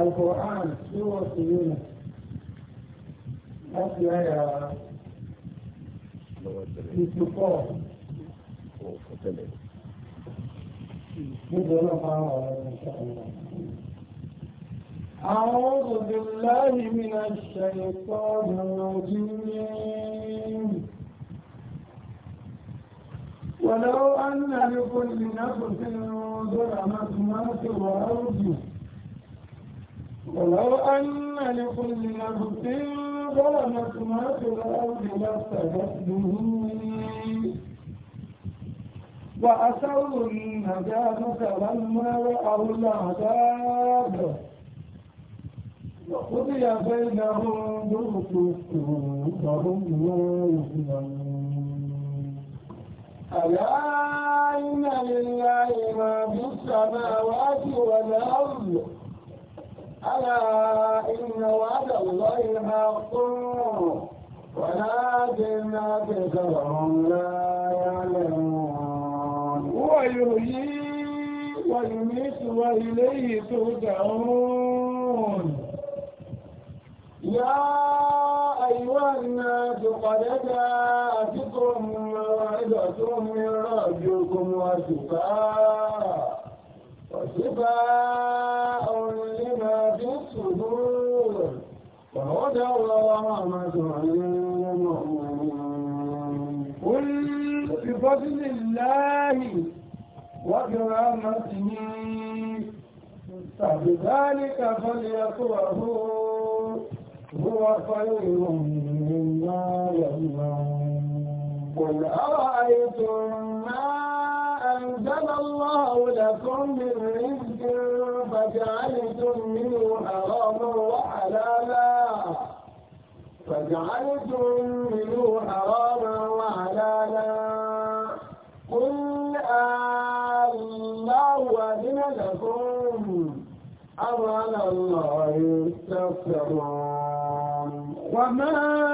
القرآن سورة يونس láti àyà fifty four níbi ọlọ́pàá àwọn ọ̀rọ̀ ìṣàkóso. أعوذ بالله من الشيطان الرجيم ولو أن لكل نفس ظلمت ما في الأرض ولو أن لكل نفس ظلمت ما في الأرض لافتدت به وأسروا الندامة لما رأوا العذاب وقضي بينهم بالقسط فهم لا يظلمون ألا إن لله ما في السماوات والأرض ألا إن وعد الله حق ولكن أكثرهم لا يعلمون هو يحيي ويميت وإليه ترجعون يا أيها الناس قد جاءتكم موعظة من ربكم وشفاء وشفاء هدى ورحمة للمؤمنين قل بفضل الله وكرامته فبذلك فليطرحوا هو خير مما يظلمون قل أرأيتم ما أنزل الله لكم من رزق فجعلتم وجعلتم منه حراما وحلالا قل الله أذن لكم أم على الله تفترون وما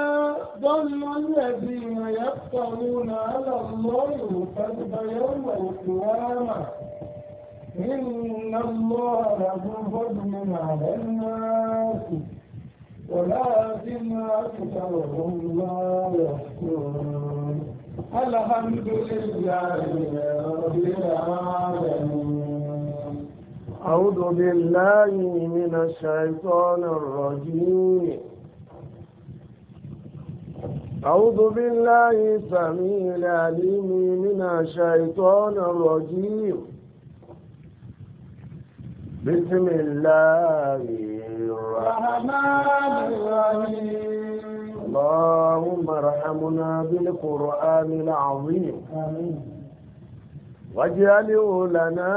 ظن الذين يفترون على الله كذب يوم القيامة إن الله له فضل على الناس ولكن أكثرهم لا يشكرون الحمد لله رب العالمين أعوذ بالله من الشيطان الرجيم أعوذ بالله السميع العليم من الشيطان الرجيم بسم الله الرحمن الرحيم اللهم ارحمنا بالقرآن العظيم واجعله لنا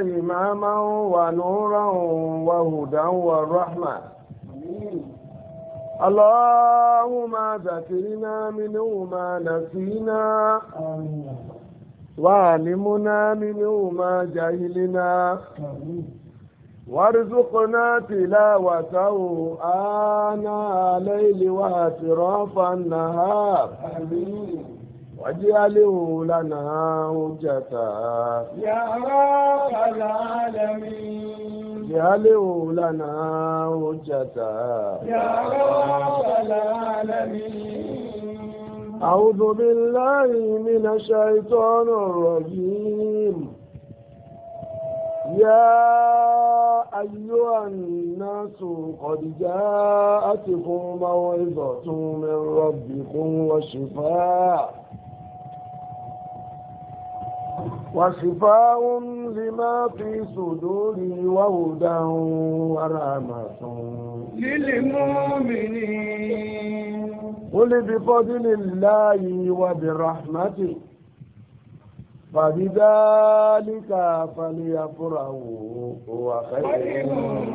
إماما ونورا وهدى ورحمة اللهم ذكرنا منه ما نسينا وعلمنا منه ما جهلنا آمين. وارزقنا تلاوته آناء الليل وأطراف النهار واجعله لنا حجة يا رب العالمين اجعله لنا حجة يا رب العالمين أعوذ بالله من الشيطان الرجيم يا أيها الناس قد جاءتكم موعظة من ربكم وشفاء وشفاء لما في صدور وهدى ورحمة للمؤمنين قل بفضل الله وبرحمته فبذلك فليفرحوا هو خير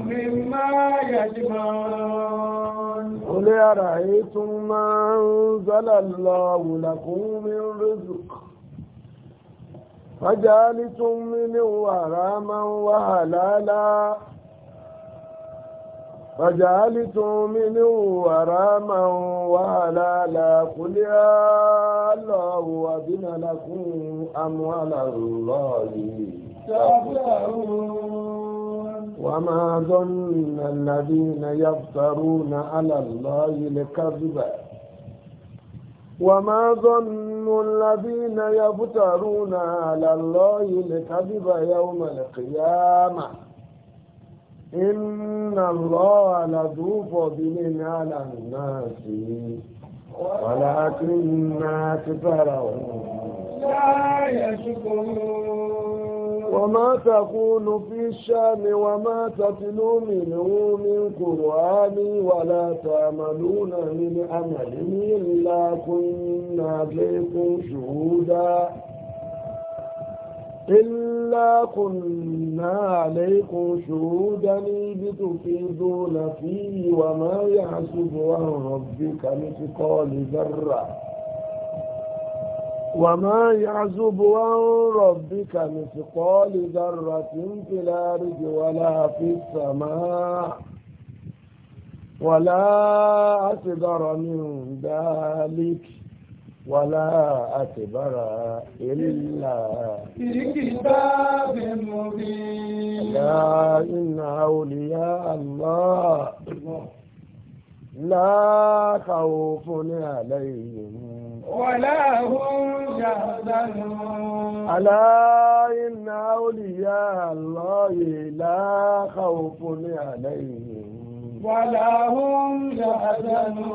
مما يجمعون قل أرأيتم ما أنزل الله لكم من رزق فجعلتم منه حراما وحلالا فجعلتم منه وراما وهلالا قل يا الله أذن لكم أم على الله تفترون وما ظن الذين يفترون على الله الكذب وما ظن الذين يفترون على الله الكذب يوم القيامة inna allaha ladu fadilin ala nasi walakinna aktharahum la yashkurun وما تكون في الشام وما تتلو منه من قرآن ولا تعملون من عمل إلا كنا عليكم شهودا إلا كنا عليكم شهودا إذ فيه وما يحسب عن ربك مثقال ذرة وما يعزب عن ربك مثقال ذرة في الأرض ولا في السماء ولا أصغر من ذلك wàlá àtìbára ìlà. ìkìtà bí mo bí. ẹ̀yà iná olùyá àmọ́ láàkàwò fún ní àlẹ́ ìyẹ̀mú. wàlá òun yàgbánu. àlá iná olùyá àlọ́ yìí láàkàwò fún ní àlẹ́ ìyẹ̀mú. wàlá òun yàgbánu.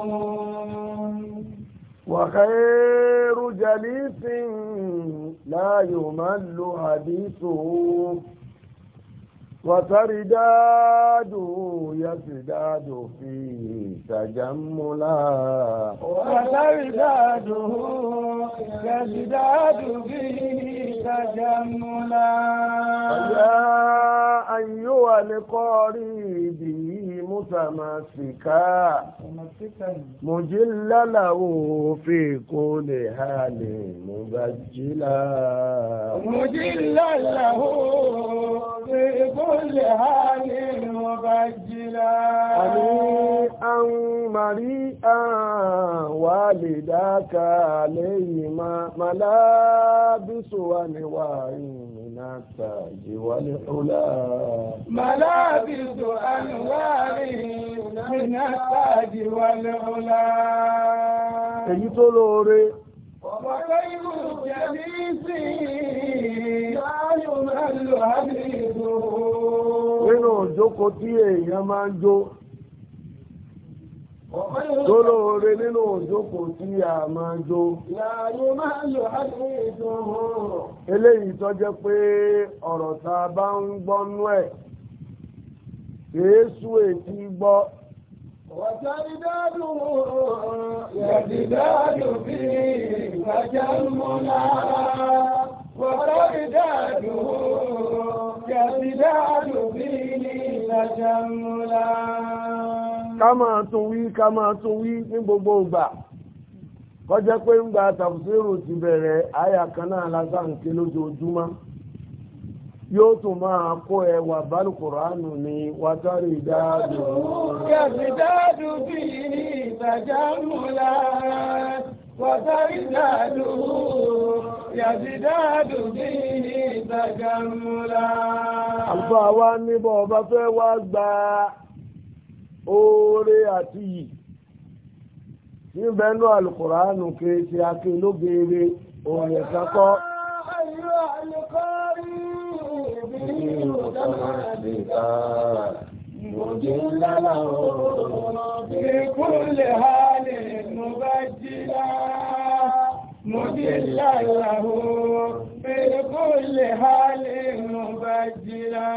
وخير جليس لا يمل حديثه وترداده يزداد فيه تجملا وترداده يزداد فيه تجملا يا أيها القريبين متمسكا مجلا له في كل حال مبجلا مجلا له في كل حال مبجلا أنيئا مريئا والداك عليهما ملابس ونوائم النتاج والعلا ملابس أنوار من التاج والعلا èyí tó lóore. ọ̀pọ̀lọpọ̀ ìlú jẹ̀bi sí láyò máa lò á nínú. nínú tó lóore nínú òjókòó tí a máa jó. eléyìí tó jẹ́ pé ọ̀rọ̀ tá a bá ń gbọ́nú ẹ̀ kìí ètí gbọ́. Wàjálidádùn yàdìdádùn bí ìgbàjálmọ́lá. Wàjálidádùn yàdìdádùn bí ìgbàjálmọ́lá. ka máa tún wí ká máa tún wí ní gbogbo ìgbà kọjá pé ń gba tàbùsírù ti bẹ̀rẹ̀ àyà kan náà lásàǹkì lójoojúmọ́ yóò tún máa kó ẹwà bálùkùránù ni wátárì dáadù. kẹ̀sì dáadù bí ní ìtajà múlá wátárì dáadù kẹ̀sì dáadù bí ní ìtajà ọba fẹ́ wá gbà oore àti yìí níbẹ̀ẹ́nú alukùránù kéèké aké ló béèrè òun ẹ̀sán kọ́ Ìkúnlẹ̀ ha jí مدلا له في كل حال مبجلا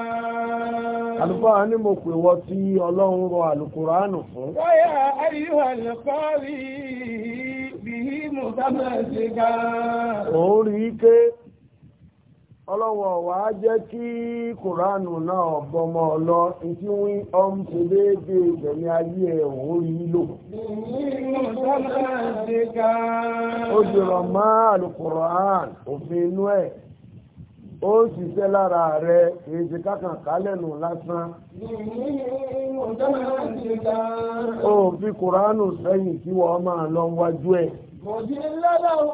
Àlùfáà ní mo pè wọ tí Ọlọ́run rọ àlùkùránù fún. Wáyà ayíwà lọ́kọ́ rí bí i mú sámà sí gan. Òun rí ké ọlọ́wọ́ wà jẹ́ kí kòránù náà ọ̀bọmọ ọlọ tí wọ́n ọm ṣe déédé ìgbẹ̀mí ayé ẹ̀hùn orí lò. ó jùrọ̀ mọ́ àlùkùrán òfin inú ẹ̀ ó ṣiṣẹ́ lára rẹ̀ èsì kákan kálẹ̀nù lásán. ó fi kòránù sẹ́yìn kí wọ́n máa lọ wájú ẹ̀. مجل له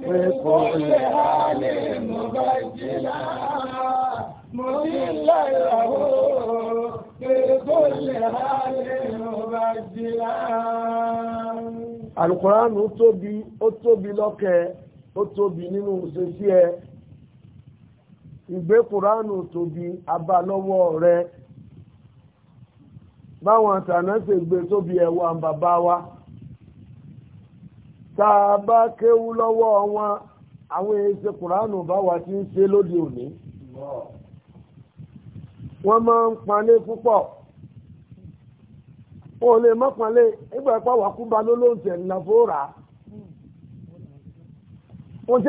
بكل حال مبجلا مجل له بكل حال مبجلا alukoran ó tóbi ó tóbi lọ́kẹ́ ó tóbi nínú ìṣesí ẹ ìgbé tóbi abá lọ́wọ́ rẹ báwọn àtàná ṣe gbé tóbi ẹ̀wọ̀n bàbá wa. tá a bá kéwú lọ́wọ́ wọn àwọn èsì kùránù bá wà tí ń ṣe lóde òní wọ́n máa ń o lè má panlé nígbà ipá wàkúba ló ló ń ńlá fóòrà mo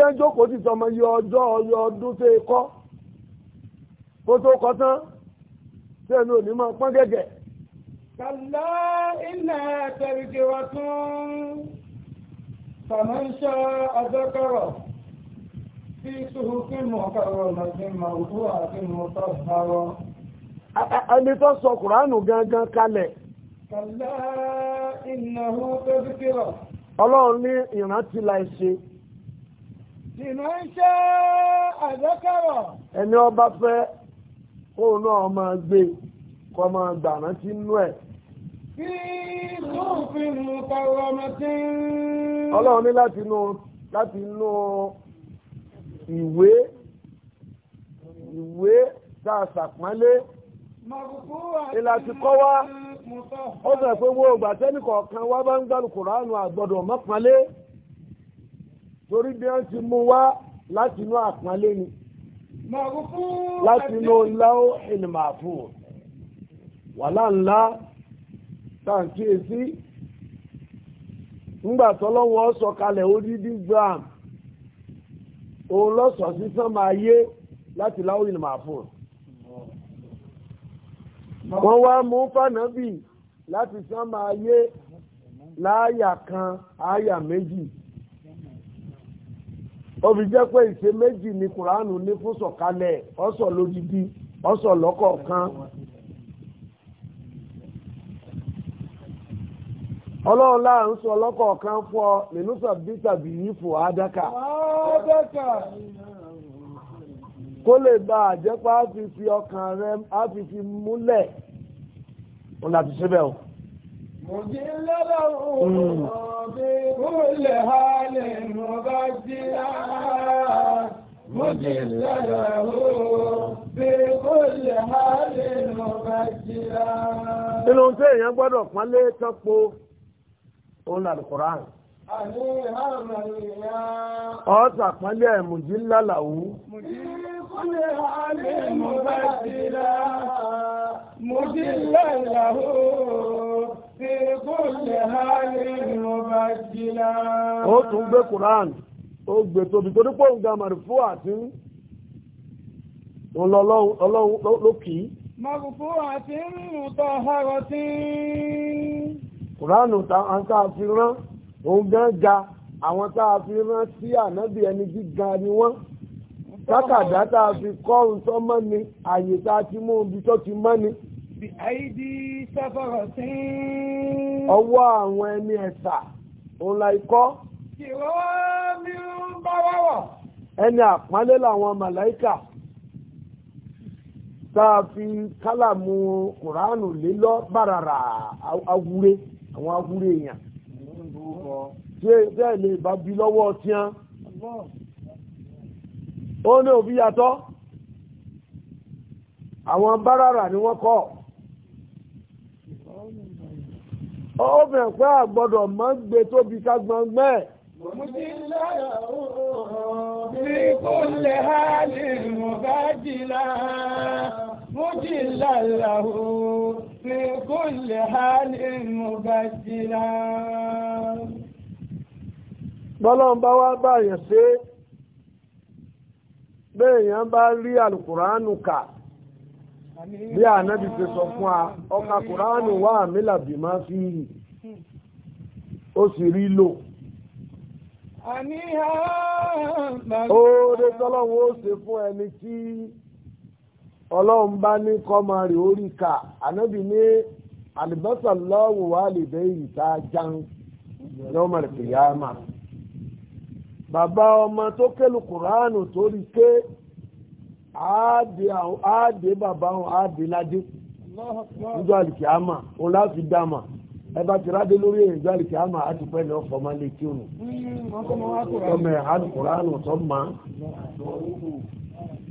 sọmọ yọ ọjọ́ ọyọ ọdún tó kọ́ kó tó kọ́ tán sẹ́nu òní máa pọ́n gẹ́gẹ́. kàlá ilẹ̀ فمن شاء ذكره في صحف مكرمة مرفوعة مطهرة a tó sọ kùránù gangan kalẹ̀. kàlá ìnáwó tẹ́bíkìrọ̀. ọlọ́run ní ìrántí láìṣe. ìná ń ṣe àdẹ́kẹ̀rọ̀. ẹni ọba fẹ́ kóun náà máa gbé kọ́ ọlọ́run ní láti inú láti inú ìwé ìwé dáàsàpánlé ìlàtí kọ́ wá ó bẹ̀rẹ̀ pé wọ́n ògbà tẹ́nìkọ̀ọ̀kan wá bá ń gbàlù kòránù àgbọ̀dọ̀ mọ́pánlé torí bí wọ́n ti mú wá láti inú àpánlé ni láti inú ńlá ìnìmọ̀ àfún wàhálà ńlá ṣàkíyèsí ńgbà tọ́lọ́wọ́ sọ̀kalẹ̀ odidi gram òun lọ́sọ̀ sí sánmà ayé láti láwọn ìlú màá fún wọ́n wá mú fànábì láti sánmà ayé láàyà kan àyà méjì ó jẹ́ pé ìṣe méjì ni kùránù ní fún sọ̀kalẹ̀ ọ̀sọ̀ lódidi ọ̀sọ̀ lọ́kọ̀ọ̀kan. ọlọ́run láà ń sọ ọlọ́kọ̀ kan fún ọ lẹ́nusà bí tàbí yìí fò kó lè bá àjẹ́pá á fi ọkàn rẹ á fi fi múlẹ̀ òun láti ṣe bẹ́ẹ̀ o. مجلله بكل حال مبدلا مجلله بكل حال مبدلا. inú tí èèyàn gbọ́dọ̀ pọ́nlé tọ́pọ̀. òun àlùkùrán ọ̀sà pẹ́lẹ̀ mùjí lálàwú mùjí lálàwú tún gbé kùrán ó gbé tóbi torí pé òun gamàrí fún àti òun lókìí mọ̀rùfú àti ń mú tọ́ ọ̀rọ̀ tí kùránù táwọn tá a fi rán òun gan ga àwọn tá a fi rán sí ànábì ẹni gíga ni wọ́n tákàdá tá a fi kọ́ ohun tó mọ́ ni àyè tá a ti mú ibi tó ti mọ́ ni. bí àìdí ọwọ́ àwọn ẹni ẹ̀sà òun la ikọ́. ẹni àpọ́nlé làwọn màláìkà tá a fi kálàmù kùránù lélọ́ bàràrà awúre àwọn agúrò èèyàn tí bẹ́ẹ̀ lè bá bí lọ́wọ́ tí án ó ní òbí yàtọ̀ àwọn báràrà ni wọ́n kọ́ ó bẹ̀ pé àgbọ́dọ̀ mọ́ gbé tóbi ká gbọ́ngbẹ́ Bí kò lè hálì mọ̀ bá jìlá. مجلا له في كل حال مبدلا bọ́lọ́n bá wá báyàn ṣe béèyàn bá rí alùkùránù kà bí ànábì ṣe sọ fún ọkà kùránù wà mílàbí máa fi yìí ó sì rí lò oore ó ṣe fún ẹni tí ọlọ́run bá ní kọ́mọ rẹ̀ orí ka ànábì ní àlùbọ́sà lọ́wọ́ wà lè bẹ́ ìta jan yọmọ rẹ̀ kìyàmà bàbá ọmọ tó kẹlu kùránù torí ké àádé bàbá wọn àádé ládé níjọ́ àlìkìyàmà òun láti dámà ẹba ti rádé lórí ìjọ àlìkì àmà àtìpẹ́ ní ọkọ̀ máa lè kí òun hmm, ọmọ ẹ̀ tó máa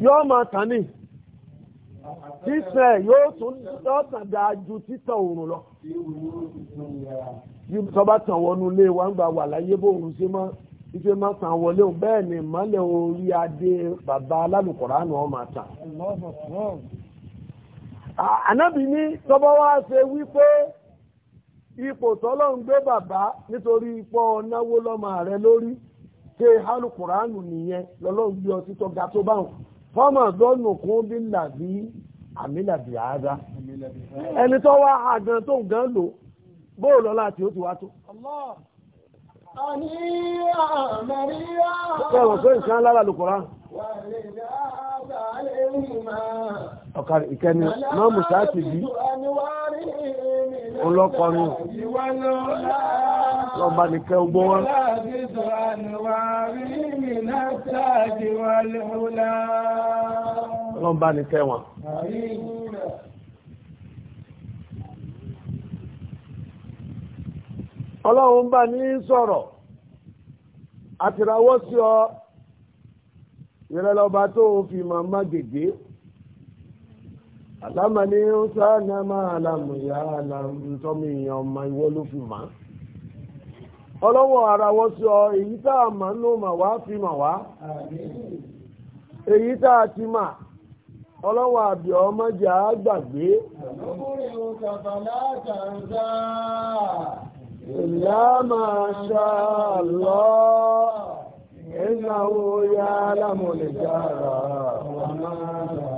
yóò máa tàn ní títẹ̀ yóò tún lọ́tàn dáa ju títẹ̀ òòrùn lọ bí tọ́ba tàn wọnú ilé wa ń gbà wà láyé bóòrùn ṣe máa ife máa san wọlé o bẹ́ẹ̀ ni ìmọ̀lẹ̀ orí adé bàbá alálùkọ̀ránù ọmọ àtà. ànábì ní tọ́bọ́ wá ṣe wípé ipò tọ́lọ́ ń gbé bàbá nítorí ipò náwó lọ́mọ rẹ lórí ṣe alukùránù nìyẹn lọ́lọ́run gbé ọtí tó ga tó báwọn fọ́mọ̀ lọ́nà kún bí làbí àmìlàbí àádá ẹni tó wá àgàn tó gan lò bóò lọ́la tí ó ti wá olọ́kọ̀ọ́nù lọ́ba nìkẹ́ ogbó wọn. lọ́ba nìkẹ́ wọn. ọlọ́run bá ní sọ̀rọ̀ àtìràwọ́ sí ọ ìrẹ́lọ́ba tó fi màmá gègé. ala ní sáànà máa làmù ìyá àlàntọ́mì èèyàn ọmọ ìwọ ló fi mà ọlọ́wọ́ ara wọ́n sọ èyí tá a mà ń wá èyí tá a ti mà ọlọ́wọ́ àbí ọmọ jẹ́ àgbàgbé ìlà ìnáwó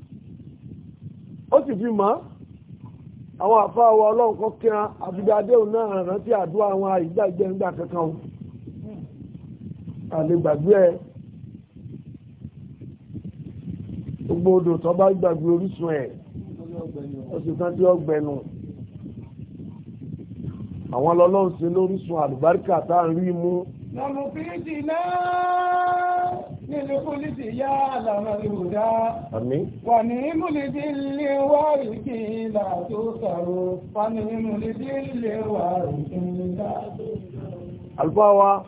ó sì fi mọ́ àwọn àfáà wa ọlọ́run kan kíran àfidàdéhùn náà rántí àdúrà àwọn àìgbà ìgbẹ́ngbà kankan o àlè gbàgbé ẹ gbogbo odò tó bá gbàgbé orísun ẹ̀ oṣù kan tí ó àwọn lọ́lọ́run ṣe lórísun àlùbáríkà tá à ń rí mú لمفيدنا للخلد يا علم الهدى ونعم لذل وارك لا تسر ونعم لذل وارك لا تسر Àlùfáà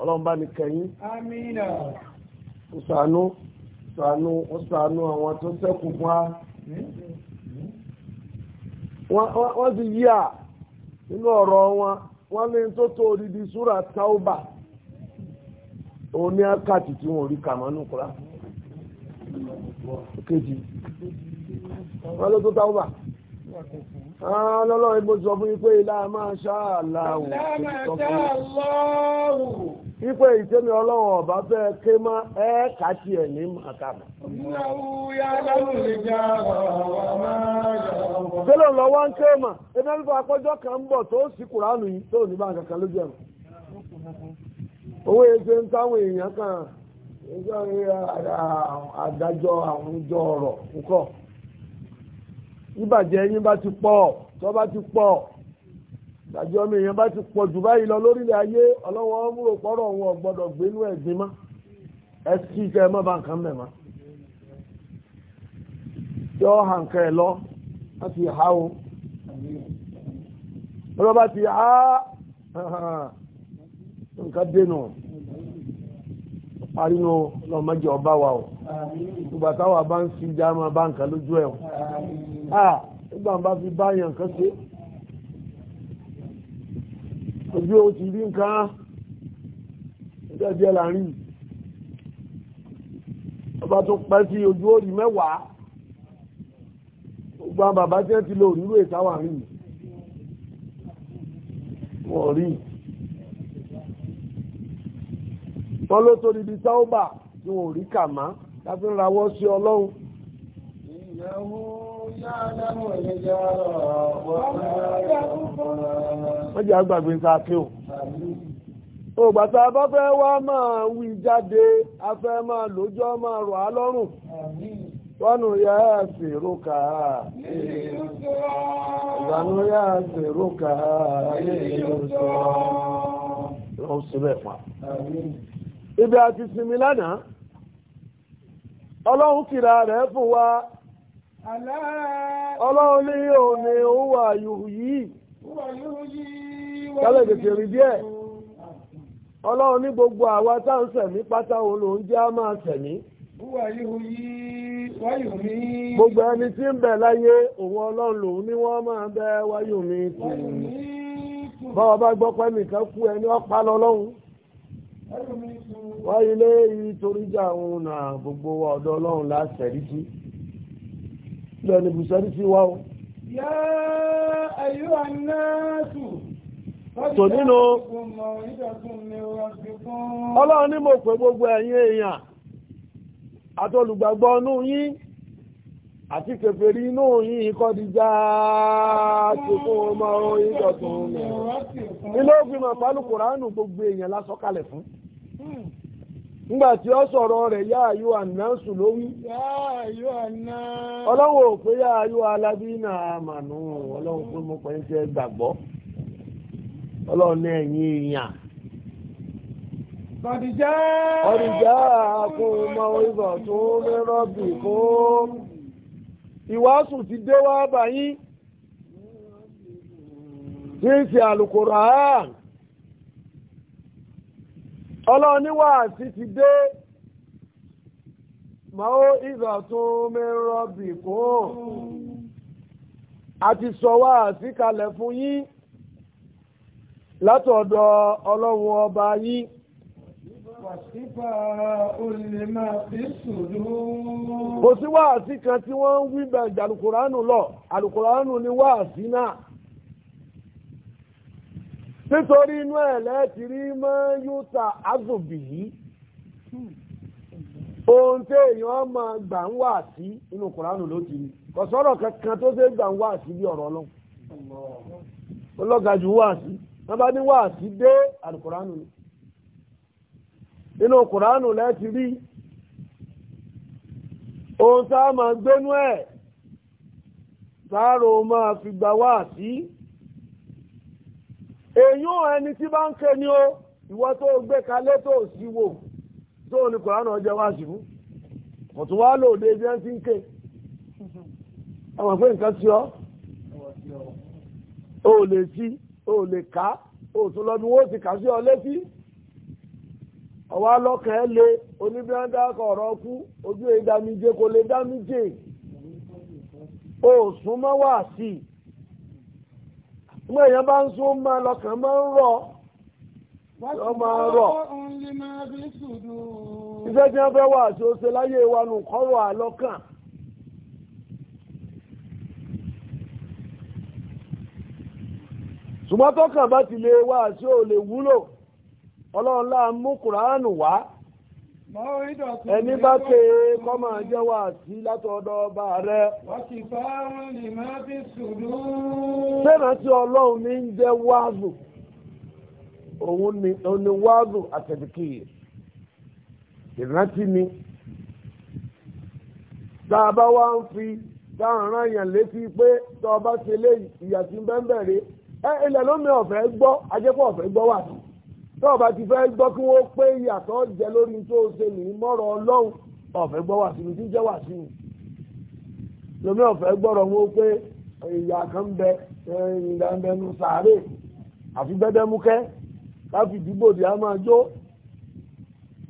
ọlọ́run bá ní kẹyìn. Amínà. Ó ṣàánú, ṣàánú, ó ṣàánú àwọn tó sẹ́kù fún wa. Wọ́n ti yíà nínú ọ̀rọ̀ wọn wọ́n lé tó tó odidi súra tauba òun ní àkàtì tí wọ́n rí kàmánú kura kejì wọ́n lé tó tauba ah, lọ́lọ́ ìbò sọ fún yín pé ilá máa ṣáà láwùn. ipe ìsẹ́mi ọlọ́run ọba fẹ́ ké mọ́ ẹ́ kàtí ẹ̀ ní màkàmà. Tẹ́lẹ̀ lọ wá ń ké mà, ẹgbẹ́ nípa akọ́jọ́ kan ń bọ̀ tó sì kùránù yìí tó ní bá kankan lójú ẹ̀rọ. Owó ń táwọn èèyàn kan adájọ́ àwọn ìjọ ọ̀rọ̀ nǹkan. Ìbàjẹ́ yín bá ti pọ̀, bá ti pọ̀. ìdájọ́ ọmọ èèyàn bá ti pọ̀ jù báyìí lọ lórílẹ̀ ayé ọlọ́wọ́ múrò pọ́rọ̀ wọn gbọ́dọ̀ gbénú ẹ̀gbin mọ́ ẹ sì mọ́ bá nǹkan mẹ́ma yọ hàn kẹ́ ẹ lọ láti bá ti nǹkan bá ń bá nǹkan lójú ẹ̀ ojú ó ti rí nǹkan ẹjọ́ jẹ́ láàrin ọba tó pẹ́ sí ojú o rí mẹ́wàá gbogbo àwọn bàbá tí ẹ ti lò nílò ìtawà rí wọ́n rí wọ́n ló tó níbi sáúbà tí wọ́n rí kàmá láti ń rawọ́ sí ọlọ́run wọ́n jẹ́ ń o bá fẹ́ wá máa wí jáde a máa lójọ́ máa rọ̀ á lọ́rùn wọnú yá àṣírò kàá ìgbànú yá àṣírò kàá lọ́wọ́ ibi ọlọ́run rẹ̀ fún ọlọ́run ní òní òwà yòó yìí kálẹ̀ tètè rí díẹ̀ ọlọ́run ní gbogbo àwa tá pátá òun lòún jẹ́ á Gbogbo ẹni tí ń bẹ láyé òun ọlọ́run lòun ní wọ́n máa bẹ́ wáyò mi tì. bá nìkan kú ẹni lọ́lọ́run. Wáyé lé ìtorí gbogbo ọlọ́run lọ ní bùsọ́rí sí wá o. yá ayú anáàtù. tò nínú. ọlọ́run ní mo pè gbogbo ẹ̀yin èèyàn àtolùgbàgbọ́ inú yín àti kèfèrí inú yín kọ́ di já ti fún ọmọ oyin dọ̀tún mi. ilé òfin mọ̀ pálukùránù gbogbo èèyàn lásọ̀kalẹ̀ fún. Hmm. ngba ti o sọ̀rọ̀ rẹ̀ yá ayú ànáṣù ló wí. Yá ayú àná. Ọlọ́run ò pé yá ayú mo pẹ̀lú ṣe gbàgbọ́. Ọlọ́run ní ẹ̀yìn ti dé wá Tí ń ọlọ́run ní wàásí ti dé màá ìgbà tún mẹ́rọ bì kún a ti sọ wàásí kalẹ̀ fún yín látọ̀dọ̀ ọlọ́run ọba yín. Wàsífà olè máa fi sùúrù. Kò sí wàásí kan tí wọ́n ń wí bẹ̀ jàlùkùránù lọ, àlùkùránù ni wàásí náà. nítorí inú ẹ̀ lẹ́ẹ̀tì rí yúta azùbì yìí ohun tí èèyàn máa gbà ń wà sí inú kùránù ló ti rí kò sọ̀rọ̀ kankan tó ṣe gbà ń wà sí bí ọ̀rọ̀ ọlọ́run ọlọ́gajù wà sí wọ́n bá ní wà sí dé àlùkùránù ni inú kùránù lẹ́ẹ̀tì ohun tí a máa gbénú ẹ̀ sáárò máa fi gbà wà sí. èyún ẹni tí bá ń ké ni ó ìwọ tó gbé kalẹ̀ tó sí wò tó ní kòránà ọjọ́ wá sí fún ọ̀tún wá lò dé ti ń ké pé nǹkan ọ ó lè sí ó lè ká ó tún lọ́dún ó ti kà sí ọ létí ọwọ́ alọ́kàn lé oníbíọ́ndà ọ̀rọ̀ ọkú ojú èdàmíje kò lè dámíje ó súnmọ́ wà sí i. mọ́ èèyàn bá ń sún mọ́ lọ́kàn mọ ń rọ̀ wọ́n máa ń rọ̀. iṣẹ́ tí wọ́n fẹ́ wà tí ó ṣe láyé wa nù kọrọ àlọ́kàn. ṣùgbọ́n tọ́kàn bá ti lè wà tí ó lè wúlò ọlọ́run láà mú kùránù wá. ẹni bá pé kọ́ máa jẹ́ wà sí látọ̀ọ́dọ̀ ọba rẹ̀. sẹ́nà tí ọlọ́run ní ń jẹ́ wáàzù òun ni wáàzù àtẹ̀dìkìyè ìrántí ni tá a bá wá ń fi dáhùnrán yàn létí pé tó ọba ṣe lé ìyàtí bẹ́ẹ̀ bẹ̀rẹ̀ ẹ ilẹ̀ lómi ọ̀fẹ́ gbọ́ ajẹ́pọ̀ ọ̀fẹ́ gbọ́ wà sí. ọba ti fẹ́ gbọ́ kí wọ́n pé ìyàtọ̀ jẹ lórí tó ṣe nìyí mọ́rọ̀ ọlọ́run ọ̀fẹ́ gbọ́ wà sínú jíjẹ́ wà sínú ọ̀fẹ́ gbọ́rọ̀ wọn pé ìyà kan bẹ ìdàmbẹnu sàárè àfi gbẹdẹmúkẹ́ láfi dìbòdì á máa jó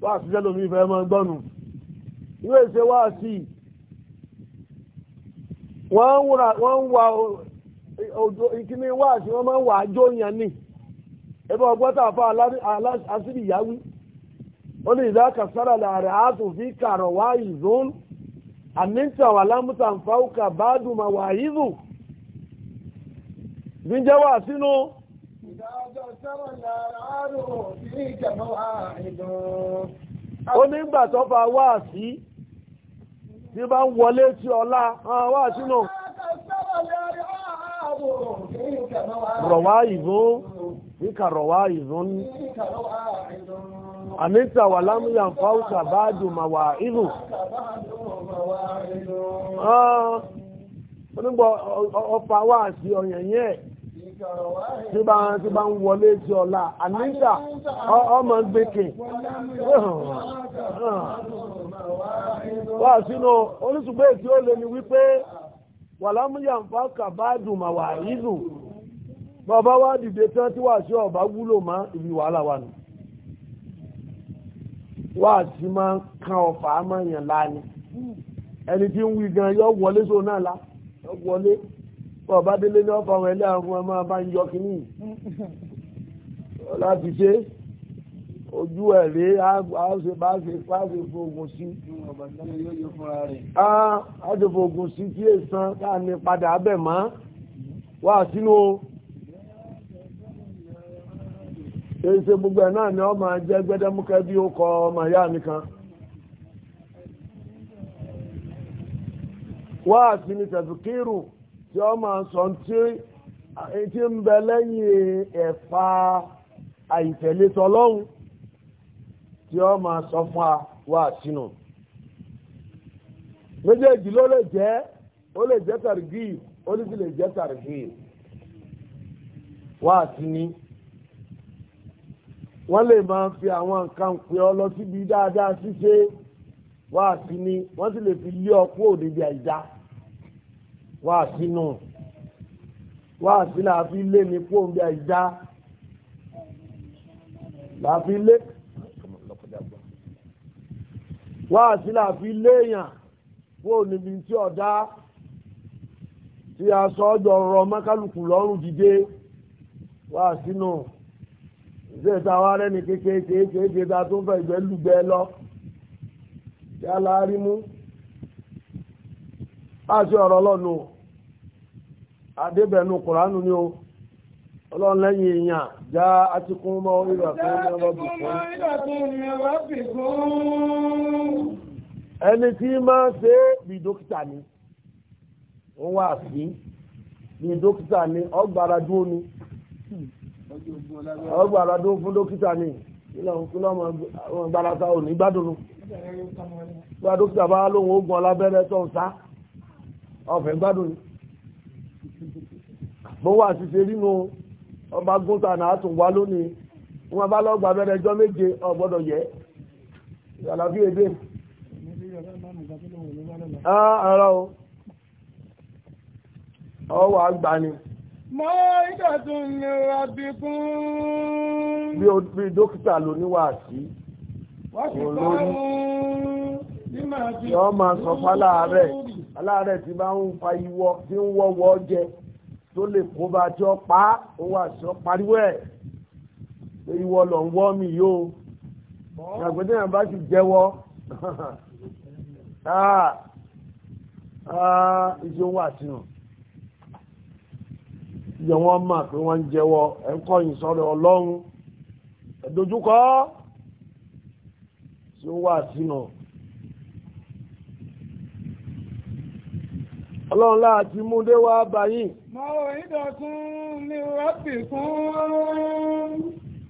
wà síṣẹ́ ìfẹ́ máa gbọ́nu ìwé ìṣe wà wa wà ebe ọgbọ́ta afọ asịrị ya wi onye ìdá kasara láàrin atụ fi kàrọ̀ wá ìzún àmìntà wà lámùtà fáwùkà ma mà wà ìzù jíjẹ́ wà sínú onígbà tó fa wá sí tí bá ń wọlé tí ọlá wá sínú rọ̀wá ìzún bíkà rọ̀wá ìrún àmìta wà lámúyà ń fáúkà bá dùnmà wà ìlú onígbà ọfà wà sí ọ̀yẹ̀yẹ́ tí bá tí bá ń wọlé sí ọlá àmìta ọmọ gbèkè ah, ah. wà sínú oníṣùgbé tí ó lè ní wípé wà lámúyà ń fáúkà bá dùnmà wà ìlú bọ́ọ̀bá wá dìde tán tí wàásù ọ̀bá wúlò má ibi wàhálà wà nù wàásù máa ń kan ọ̀fà máa yàn láàánú ẹni tí ń wí gan yọ wọlé sóun náà la yọ wọlé bọ́ọ̀bá délé ní ọ̀fà wọn ẹlẹ́ àwọn ọmọ bá ń yọ kínní láti ṣe ojú ẹ̀ rí àáṣe bá ṣe fáṣe fògùn sí àáṣe fògùn sí tí èsàn káà ní padà abẹ̀ mọ́ wàásù nù o. ṣe gbogbo ẹ̀ náà ni ọ máa jẹ́ gbẹ́dẹ́múkẹ́ bí ó kọ ọmọ ìyá mi kan wá àti ní tẹ̀sùkírù tí ọ máa sọ tí ń bẹ lẹ́yìn ẹ̀fà àìtẹ̀lé tọlọ́hun tí ọ máa sọ fún a wá àtinú méjèèjì ló lè jẹ́ ó lè jẹ́ tàrígì ó lè jẹ́ tàrígì wá àtinú. wọ́n lè máa fi àwọn nǹkan pè ọ lọ síbi dáadáa ṣíṣe wá sí ni wọ́n sì lè fi lé ọ kúrò níbi àìdá wá sínú wá sí là fi lé ní kúrò níbi àìdá là fi lé wá sí là fi léèyàn kúrò níbi tí ọ̀dá tí a sọ ọjọ́ rọ mọ́kálùkù lọ́rùn dìde wá sínú. ṣe ìtawá rẹ́ni kékeré kékeré ta tó ń fẹ́ ìgbẹ́ lọ yálà rí láti ọ̀rọ̀ ọlọ́nu adébẹ̀nu kùránù ni o ọlọ́run lẹ́yìn èèyàn já atikún mọ́ ìgbà tó ń lọ bì fún ẹni tí máa ṣe bí dókítà ni ó wà sí bí dókítà ni ni. ọgbà aládó fún dókítà ni ìlànà gbalasa ò ní gbádùn gba dókítà bá lóhun ogun alábẹ́rẹ́ tó ń sá ọ̀fẹ́ gbádùn ni bó wà ṣiṣẹ́ nínú ọba gúnta náà tún wá lónìí wọn bá lọ́gbà abẹ́rẹ́ ẹjọ́ méje ọ̀gbọ́dọ̀ yẹ àlàáfíà èdè ọ̀rọ̀ ah, ọwọ́ àgbà ni. Mọ́ídọ̀tún ni Rabikún. Bí dókítà ló níwàásí, olórí. Yọ́ máa sọ fáláàárẹ̀, aláàárẹ̀ tí bá ń fa iwọ, tí ń wọ́wọ́ jẹ, tó lè kó bá tí ó pa á, ó wà sí ọ pariwo ẹ̀. Pé ìwọ lọ ń wọ́ mi yóò. Ìyàgbẹ́dẹ́ yẹn bá sì jẹ́wọ́. Ìṣòwò ah. ah, àtìràn yẹ wọ́n mọ̀ pé wọ́n ń jẹ́wọ́ ẹ̀ ń kọ̀yìn sọ́rọ̀ tí ó wà sínú ọlọ́run láti mú dé wá báyìí mọ́wọ́ ìdọ̀kún ní rọ́pì fún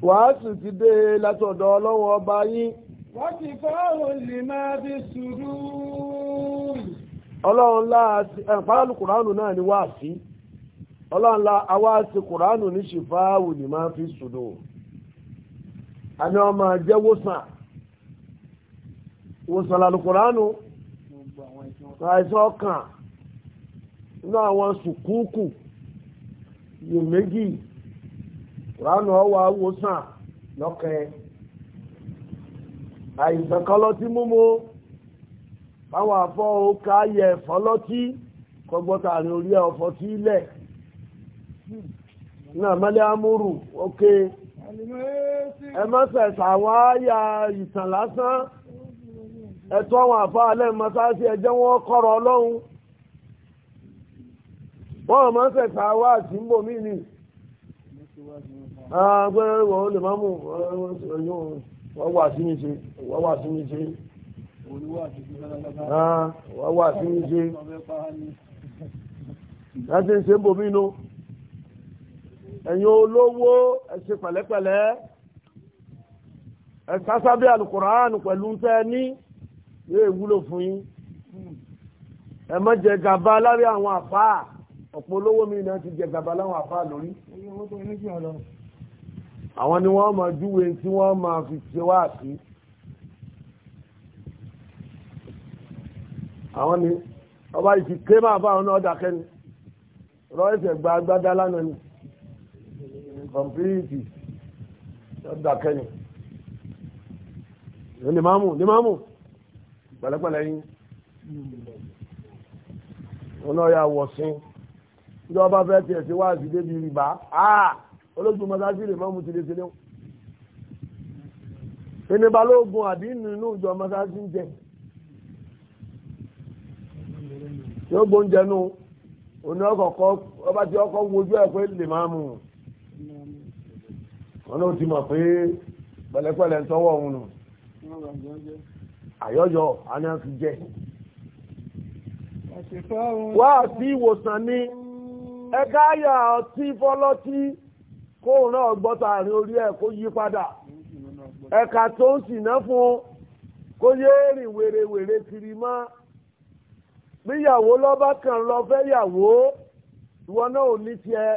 wàásù ti dé látọ̀dọ̀ ọlọ́run ọba yín wọ́n ti fọ́ọ̀rùn ọlọ́run láti ẹ̀pàálùkùránù náà ni wà sí ọlọ́nla awá ti kùránù ní ṣìfáàwù ní máa fi sùdò àní ọmọ jẹ́ wòsàn lálù kùránù àìsàn ọkàn àwọn sùkúùkù yìí méjì kùránù ọwà wòsàn lọ́kẹ́ A kan múmú báwọn afọ́ ó káyẹ̀ fọ́lọ́tí kọgbọ́ta àrin orí ọ̀fọ́ náà mẹ́lẹ́ amúrù ókè ẹ mọ́sẹ̀sẹ̀ àwọn àyà ìtàn lásán ẹ̀tọ́ àwọn àfa alẹ́ mọ́sáàsì ẹjẹ́ wọn kọ́rọ̀ ọlọ́run wọ́n mọ́sẹ̀sẹ̀ àwọn àtìmbòmí ni agbẹ́rẹ́ ah, wọ́n lè máa mú wọ́n wà sí mi ṣe wọ́n wà sí mi ṣe ah, wọ́n wà sí mi ṣe láti ṣe ń bòmí nù ẹ̀yin olówó ẹ ṣe pẹ̀lẹ́pẹ̀lẹ́ ẹ sásábẹ́ alukoran pẹ̀lú tẹ́ ní yóò wúlò fún yín ẹ má jẹ gàba lárí àwọn àfá ọ̀pọ̀ olówó mi náà ti jẹ gàba láwọn àfá lórí àwọn ni wọ́n máa júwe tí wọ́n máa fi ṣe wá sí àwọn ni ọba ìsìnké máa bá àwọn náà dákẹ́ gba agbádá lánàá ni kọ̀mpíìtì ọ̀dà kẹ́yìn ìwé lè máa mú lè máa mú pẹ̀lẹ́pẹ̀lẹ́ yín ọlọ́yà wọ̀sìn ìjọba fẹ́ tiẹ̀ sí wáàsí débi rìbá olóògbé mọ́sáàsì lè máa mú ti lè ṣe léwọ́n ẹni balógun àbí nínú ìjọ mọ́sáàsì ń jẹ yóò gbóúnjẹ nù oní ọkọ̀ ọba tí ọkọ̀ wojú ẹ̀ pé lè máa mú wọn ló ti mọ̀ pé pẹ̀lẹ́pẹ̀lẹ́ ń tọwọ́ òun nù àyọ́yọ́ aná fi jẹ́ wá sí ìwòsàn ni ẹka àyà ọtí fọ́lọ́tí kó ràn ọgbọ́ta àrin orí ẹ̀ kó yí padà ẹ̀ka tó ń sìnà fún kó yé rìn wèrèwèrè kiri mọ́ bíyàwó lọ́bá kan lọ fẹ́ yàwó ìwọ náà ò ní tiẹ̀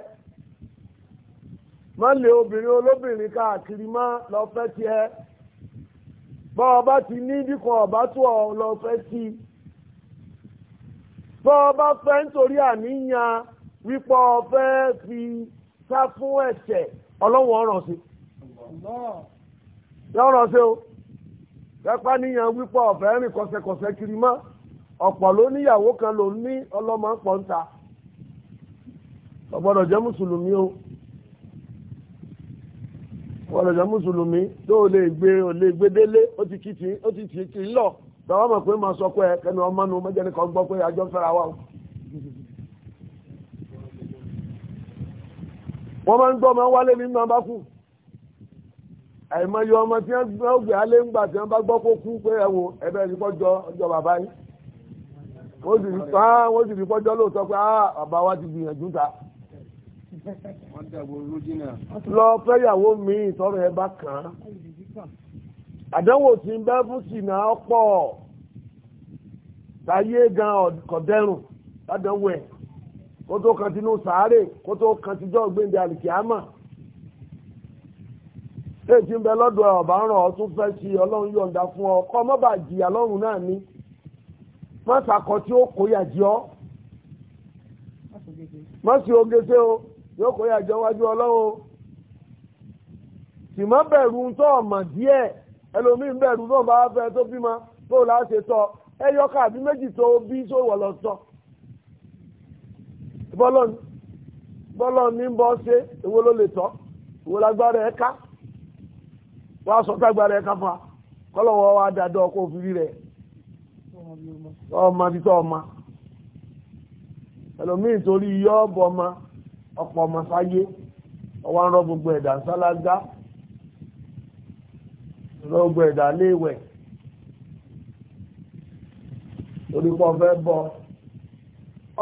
má lè obìnrin olóbìnrin káàkiri má lọ fẹ́ tiẹ̀ bọ́ ọba ti ní bíkan ọba tó ọ lọ fẹ́ tí bọ́ ọba fẹ́ nítorí àníyàn wípé ọfẹ́ fi sá fún ẹ̀ṣẹ̀ ọlọ́wọ́n ọ̀ràn sí i yọ̀ràn sí o pẹ́pá níyàn wípé ọ̀fẹ́ rìn kọsẹ̀kọsẹ̀ kiri mọ́ ọ̀pọ̀ ló níyàwó kan ló ní ọlọ́mọ pọ̀ ń ta ọ̀gbọ́dọ̀ jẹ́ mùsùlùmí o. ọlọ́jà mùsùlùmí tó o lè gbé o lè gbé délé ó ti kìtì ó ti tì kì í lọ tàwọn mọ̀ pé máa sọ pé kẹnu ọmọ nu mọ́jẹ́ni kan gbọ́ pé àjọ fẹ́ra wa o. wọ́n máa ń gbọ́ máa ń wálé ní máa bá kú àìmọye ọmọ tí wọ́n gbé alé ńgbà tí wọ́n bá gbọ́ kó kú pé ẹ̀wọ̀n ẹ̀bẹ̀ ẹ̀dínkọ́ jọ ọjọ́ bàbá yìí wọ́n sì rí pọ́jọ́ ah, lóòótọ́ pé ah, bàbá wa ti gbìyànjú ta. lọ fẹ́yàwó míì tọ́rọ̀ ẹ bá kàn án àdánwò tí ń bẹ́ fún sínà ọ̀pọ̀ gan ọ̀dẹ́rùn ládánwò ẹ̀ kó tó kan sàárè kó tó kan tijọ́ gbéǹdé àlìkíámà èyí ń bẹ lọ́dọ̀ ọ̀bá ń ràn ọ́ tún fẹ́ sí ọlọ́run yọ̀ǹda fún ọ kọ́ mọ́ bá jìyà o. yóò kó yàjọ wájú ọlọ́wọ́ sì má bẹ̀rù tó ọ̀mà díẹ̀ ẹlòmíín bẹ̀rù tó bá fẹ́ tó ma, tó láṣẹ tọ ẹyọ káàbí méjì tó bí tó wọ̀ lọ sọ bọ́lọ̀ ní bọ́ ṣe èwo ló lè tọ́ èwo lágbára ẹ̀ ká wọ́n á tágbára ẹ̀ ká fún kọ́lọ́wọ́ wa ọkọ̀ rẹ̀ ọmọ bí tọ́ ọmọ ẹlòmíín torí ọ̀pọ̀ ọmọ sáyé ọwọ́ ń rọ gbogbo ẹ̀dà sálágá rọ gbogbo ẹ̀dà léèwẹ̀ torí pọ̀ fẹ́ bọ́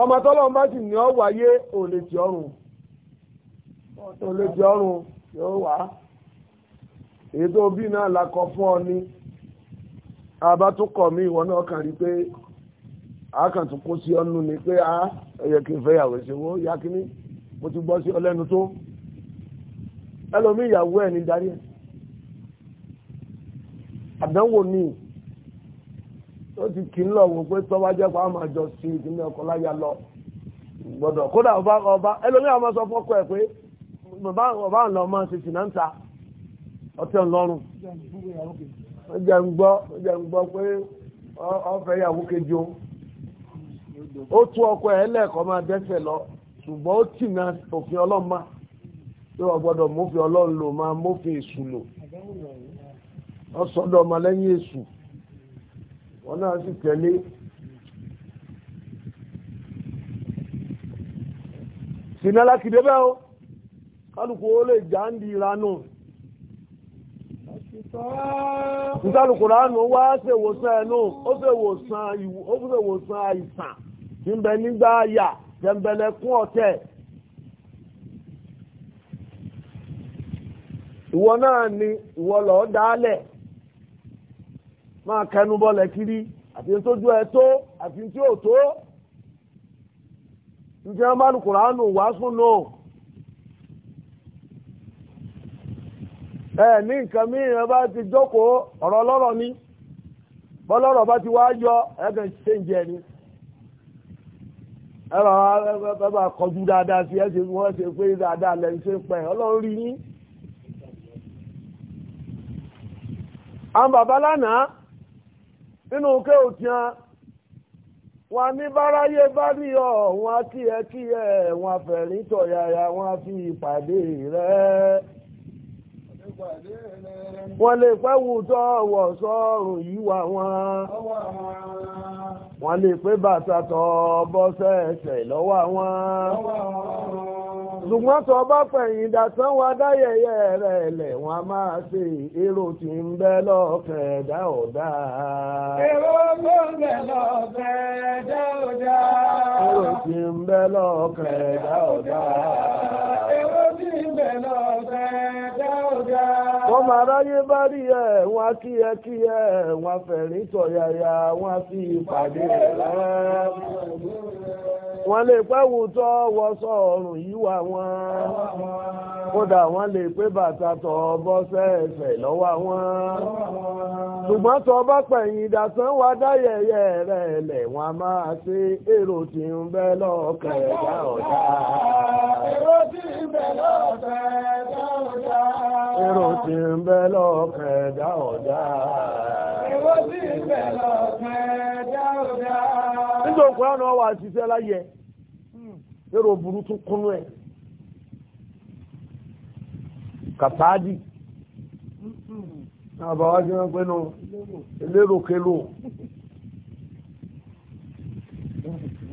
ọmọ tọ́lọ́run bá sì ní ọ wáyé ò lè ti ọrùn ò lè ti ọrùn yóò wá èyí bí náà la fún ọ ní àbá tó ìwọ náà kàn rí pé àákàn kó sí ọnù ni pé a ẹ̀yẹ kì í fẹ́ yàwó ṣe wó yá kínní mo ti gbọ́ sí ọlẹ́nu tó ẹlòmí ìyàwó ẹ̀ ní darí ẹ̀ àdánwò ni ó ti kì ń lọ wò pé tó bá jẹ́ pa á máa jọ sí ìpínlẹ̀ ọkọ̀ láyà lọ gbọ́dọ̀ kódà ọba ọba ẹlòmí àwọn ọmọ sọ fọ́kọ ẹ̀ pé ọba ọ̀nà ọmọ ṣe sì náà ta ọtí ọlọ́run ó jẹ́ ń gbọ́ ó jẹ́ ń gbọ́ pé ọ̀fẹ́ ìyàwó kejì ó tú ọkọ ẹ̀ lẹ́ẹ̀kọ́ máa dẹ́sẹ̀ lọ ṣùgbọ́n ó tì náà òfin ọlọ́run tí wọ́n gbọ́dọ̀ mófin ọlọ́run lò máa mófin èṣù lò wọ́n ọmọ lẹ́yìn èṣù wọ́n náà sì tẹ̀lé bẹ́ẹ̀ o kálukú ó lè já ń di ìranù ìtàlùkù ránù wá ẹnu ó ṣèwòsàn àìsàn bẹ nígbà yà. tẹ̀m̀bẹ̀lẹ̀kún ọ̀tẹ̀ ìwọ náà ni ìwọ lọ́ọ́ dálẹ̀ máa kẹnubọ́lẹ̀ kiri àti tójú ẹ tó àti tí ó tó nke wọ́n bá lu kùránù wàásùn nù ẹ ní nǹkan mìíràn bá ti jókòó ọ̀rọ̀ ni bọ́lọ́rọ̀ bá ti yọ ni. ẹ̀rọ bàbá kọjú dáadáa sí ẹ̀sìn wọ́n ṣe pé dáadáa lẹ́yìn ṣe pẹ̀ ọlọ́run rí yín. àwọn bàbá lánàá nínú òkè òtíàn wọn ní báráyé bá rí ọ wọn kíẹkíẹ wọn fẹ̀rín tọ̀yàyà wọn fi ìpàdé rẹ wọn lè fẹ́ wù tọ́ wọ̀ sọ́ọ̀rùn yìí wà wọn. wọ́n lè pé bàtà tọ́ bọ́ sẹ́ẹ̀sẹ̀ lọ́wọ́ àwọn ṣùgbọ́n tọ́ bá fẹ̀yìn dàtán wa dáyẹyẹ rẹ̀ lẹ̀ wọ́n a máa ṣe èrò tí ń bẹ lọ́fẹ̀ẹ́ dá ọ̀dá. èrò tó ń bẹ lọ́fẹ̀ẹ́ dá ọ̀dá. èrò tí ń bẹ lọ́fẹ̀ẹ́ dá ọ̀dá. wọ́n máa ráyé bá rí ẹ̀ wọ́n á kí ẹ kí ẹ wọ́n á fẹ̀rín tọ̀yàyà wọ́n á fi ìpàdé rẹ̀ wọ́n lè pẹ́ wùtọ́ wọ́sọ̀ yìí yíwà wọn kódà wọ́n lè pé bàtà tọ̀ ọbọ̀ sẹ́ẹ̀fẹ̀ lọ́wọ́ wọn ṣùgbọ́n tọ́ bá pẹ̀yìn ìdásán wa dáyẹyẹ rẹ̀ lẹ̀ wọ́n a máa ṣe èrò tí ń bẹ lọ́ọ̀kẹ́ ẹ̀dá ọ̀dá èrò tí ń bẹ lọ́ọ̀kẹ́ ẹ̀dá ọ̀dá èrò tí ń bẹ lọ́ọ̀kẹ́ ẹ̀dá ọ̀dá nígbà òkúra náà wà ṣiṣẹ́ láyẹ èrò ero buru kúnú nụ kàtàádì àbáwájú wọn pẹ́nu elérokelo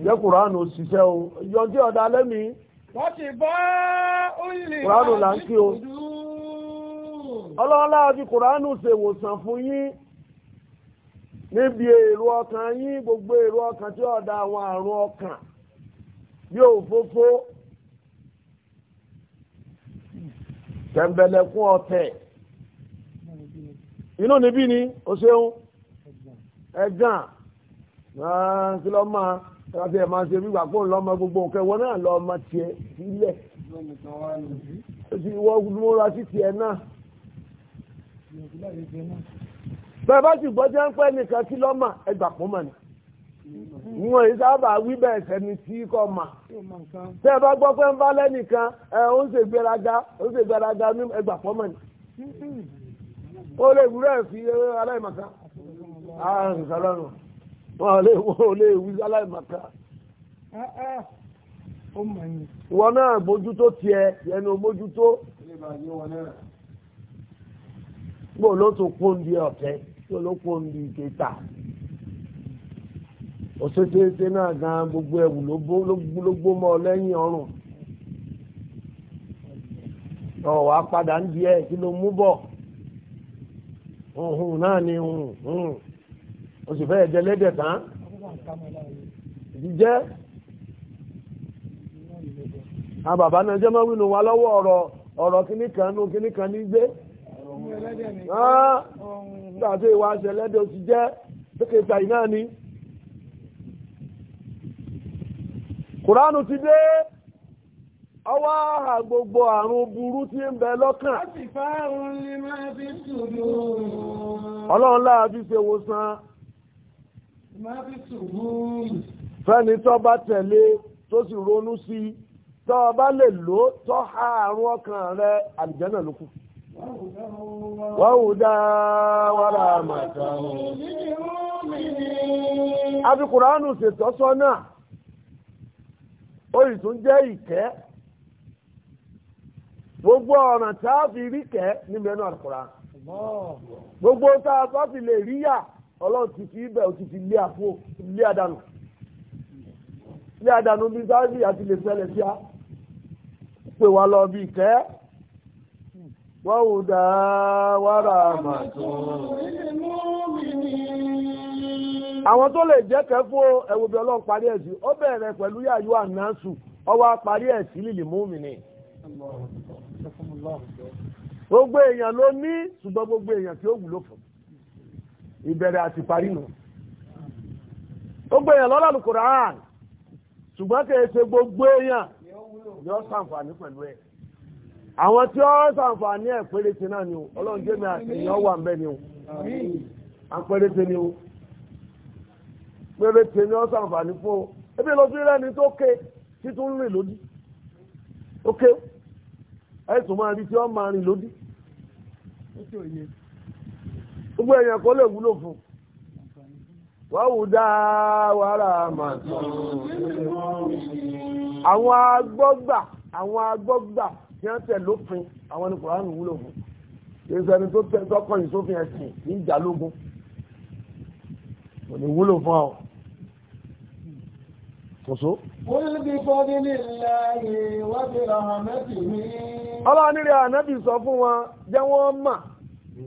jẹ́ kùránù ṣiṣẹ́ o yọjú ọ̀dá lẹ́mí wọ́n ti bá òyìnlẹ̀ kùránù là ń kí o ọlọ́ọ̀lá ọdí níbi èrò ọkàn yín gbogbo èrò ọkàn tí ọ̀dà àwọn àrùn ọkàn yóò òfófó tẹ̀m̀bẹ̀lẹ̀kún ọ̀tẹ̀ inú níbí ni o ṣeun ẹ̀gàn ah, kí lọ́ máa tẹ́lápẹ́ ẹ̀ máa ṣe wíwà kó ń lọ́mọ gbogbo nǹkan ìwọ náà lọ ọmọ tiẹ̀ sílẹ̀ ó ti wọ́n múra sí tiẹ̀ náà bẹ́ẹ̀ bá sì gbọ́ jẹ́ ń pẹ́ nìkan tí lọ́mà ẹgbà pọ́n mọ̀ ni wọn èyí sábà wí bẹ́ẹ̀ sẹ́ni tí kò mà tẹ́ ẹ bá gbọ́ pé ń bá lẹ́nìkan ẹ ó ń ṣègbéraga ó ń ṣègbéraga ní ẹgbà pọ́n mọ̀ ni ó lè wúrẹ́ fi aláìmọ̀ká ààrùn sálọ́rùn wọn ò lè wí aláìmọ̀ká ìwọ náà bójútó tiẹ̀ ẹnu bójútó gbò ló tún kún ọ̀tẹ́. olóko ń bi ìkẹta òṣèṣeṣe náà gan gbogbo ẹ̀wù ló gbó lẹ́yìn ọrùn ọ̀wọ́ apádà ń di ẹ̀ kí ló mú bọ̀ ọ̀hún náà ni ọ̀hún oṣù fẹ́ẹ̀ jẹ lẹ́dẹ̀ tán bàbá náà jẹ́ wa lọ́wọ́ ọ̀rọ̀ ọ̀rọ̀ kìnnìkan kìnnìkan ní gbé nígbà tó ìwà aṣẹ o sì jẹ́ pékèta iná ni kùránù ti dé ọwọ́ àhà gbogbo àrùn burú tí ń bẹ lọ́kàn ọlọ́run láàbí ṣe wòsàn fẹ́ni tó bá tẹ̀lé tó sì ronú sí bá lè lò àrùn ọkàn àlìjẹ́nà wàhùdá wàrà àmàtà àfi kùránù ṣètọ́sọ́nà ó jẹ́ gbogbo ọ̀ràn fi rí kẹ́ níbi ẹnu gbogbo tá a lè rí yà ọlọ́run ti fi ibẹ̀ òtún ti lé àpò lé àdánù lé àdánù bí àti lè fẹ́lẹ̀ sí a pè wá lọ bí وهدى ورحمة àwọn tó lè jẹ́ kẹfó ẹ̀wò bí ọlọ́run parí ẹ̀sì ó bẹ̀rẹ̀ pẹ̀lú yàyó ànáṣù ọwọ́ parí ẹ̀sì lìlì múmìnì gbogbo èèyàn ló ní ṣùgbọ́n gbogbo èèyàn tí ó wúlò fún ìbẹ̀rẹ̀ àti parí nù gbogbo èèyàn lọ́lọ́lù Kùránì ṣùgbọ́n ṣe gbogbo èèyàn yóò ṣàǹfààní pẹ̀lú ẹ̀ àwọn tí ó sàǹfààní ẹ̀ péréte náà ni o ọlọ́run jẹ́ mi àti èèyàn wà mbẹ́ ni o à ń péréte ni o péréte ni ó sàǹfààní fún o ebi lọ sí lẹ́ni tó ké títún rìn lódì ó ké ẹ̀sùn máa rí tí ó máa rìn lódì gbogbo èèyàn kò lè wúlò fún wàá wù dá wàhálà màá àwọn agbọ́gbà àwọn agbọ́gbà tí wọ́n tẹ̀ lófin àwọn ní kòránù wúlò fún kí sẹ́ni tó tẹ̀ tọkọ̀yìn sófin ẹ̀sìn ní ìjà lógún kò ní wúlò fún ọ. Kòsó. Olùbí kọ́dí ní ilẹ̀ yìí wọ́n ti ra Ahmed mi. Ọlọ́run nílẹ̀ Ahmed sọ fún wọn jẹ́ wọ́n mà.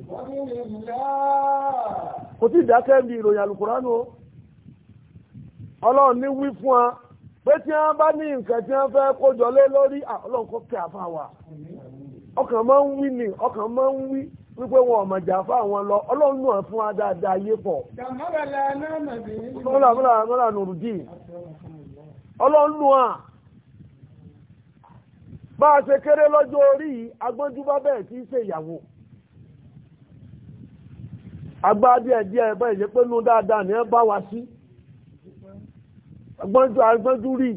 Kọ́dí ní ilẹ̀. Kò tí ì dákẹ́ bí ìròyìn àlùkùránù Ọlọ́run ní wí fún wa. pé tí bá ní nǹkan tí wọ́n fẹ́ kójọ lé lórí ọlọ́run kó máa ń wí ni ọkàn máa ń wí wípé wọn ọmọ jà fún àwọn lọ ọlọ́run náà fún yé pọ̀. mọ́là náà bá a ṣe lọ́jọ́ orí tí í ṣe ìyàwó agbá bá nú dáadáa ní ẹ bá wa sí. agbọ́njú agbọ́njú rí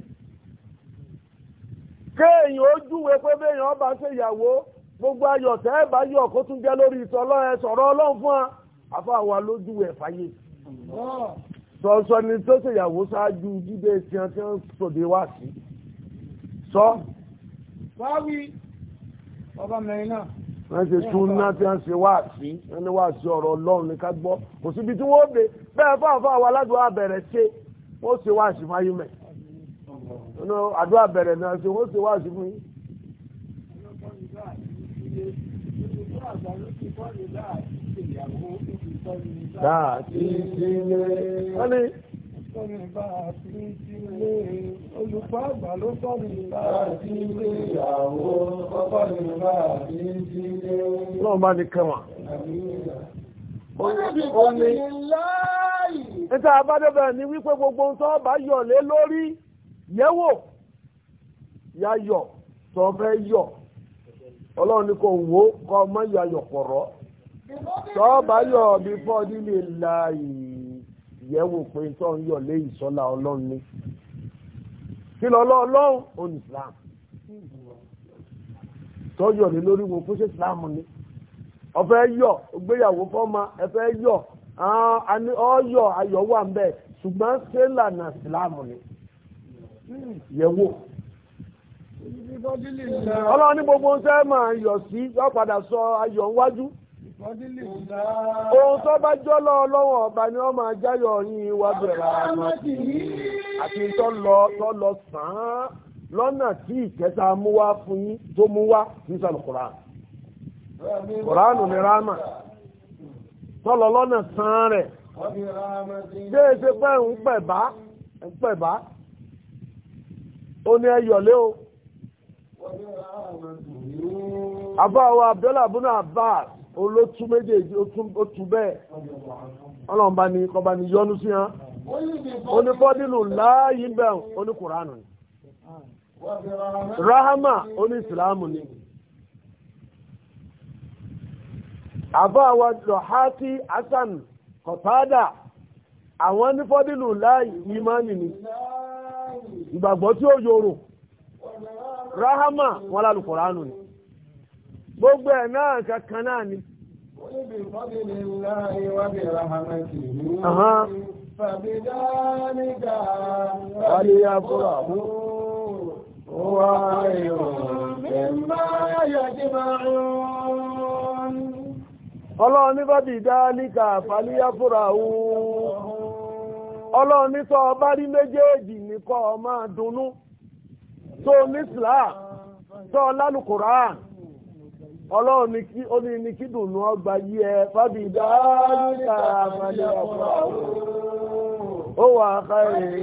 kéèyàn ó júwe pé béèyàn ọba ṣe ìyàwó gbogbo ayọ̀ tẹ́ ẹ̀ bá yọ̀ kó tún jẹ́ lórí ìtọ́ ọlọ́run sọ̀rọ̀ ọlọ́run fún wa àfa wa lójú ẹ̀ fàyè sọ̀sọ̀ ni tó ṣèyàwó ṣáájú jíde tiẹ̀ tí wọ́n sòde wá sí sọ. wáwí ọba mẹ́rin náà. wọ́n ṣe tún ná tí wọ́n ṣe wá sí wọ́n ní wá sí ọ̀rọ̀ ọlọ́run ní ká gbọ́ kò síbi tí wọ́n ó dé bẹ́ẹ̀ fún àfa wa ṣe wọ́n ṣe wá àṣìfún ayé mẹ́ nínú àdúrà bẹ̀rẹ̀ náà ṣe wọ́n ṣe wá àṣìfún yín. dáa tí tí lé wọ́n ní. Sọ́ni bá a ti olùkọ́ àgbà ló sọ́ni bá a ti ìyàwó, ọkọ́ ni bá a ti ń sílé. Lọ́wọ́ bá ní kẹwàá omi. Níta àbádọ́bẹ̀ ni wípé gbogbo ohun tó bá yọ̀ lé lórí yẹ̀wò yayọ̀ tó fẹ́ yọ̀. Ọlọ́run ni kò wò kọ́ ọmọ yayọ̀ pọ̀rọ̀. Tó bá yọ̀ bí fọ́ọ̀dí lè la ìyẹ̀wò pé tó ń yọ̀ lé ìsọ́lá ọlọ́run ni. Kí lọ lọ́ọ̀lọ́run? Oní Ìsìlámù. Tó yọ̀ lé lórí wo fún ṣé Ìsìlámù ni. ọ̀fẹ́ yọ̀ ògbéyàwó fọ́mà ẹ̀fẹ́ yọ̀ ọyọ ayọ̀ wà ń bẹ̀ ṣùgbọ́n ṣé lànà ìsìlámù ni yẹ̀wò ọlọ́run ní gbogbo ṣẹ́ máa yọ̀ sí padà sọ ayọ wájú ohun tó bá ọba ni máa yín àti tó tí ìkẹta mú wá fún yín tó mú kòránù ní rámà tọ́lọ lọ́nà san rẹ̀ ṣé é ṣe pé ń pẹ̀bá ń o àbáwọ̀ abdullahi abúlé abbas olótú méjèèjì ó tún bẹ́ẹ̀ ọlọ́mbà ni kọba ni yọnu sí hàn onífọ́dínù láàyí bẹ́ẹ̀ oníkùránù ni rahama ìsìlámù ni. àbáwa lọ̀hátí hassan kọ̀tádà àwọn nífọ́dínú láì ìmánì ni ìgbàgbọ́ tí ó yòrò rahama wọn lálùkọ̀ránù ni gbogbo ẹ̀ náà kankan náà ni Fàbídáníkà àríyàfúra mú, wà ìrùn, mímá ọlọ́run ní bábí dáálíkà fàlíyáfúra ooo ọlọ́run ní tọ́ ọba rí méjèèjì nìkọ́ ọmọ dunnú tó nísìlá tọ́ lálùkùrá ọlọ́run kí ó ní kí dùnú ọgbà yí ẹ fábí dáálíkà fàlíyáfúra ooo ó wà á ká ọrụ.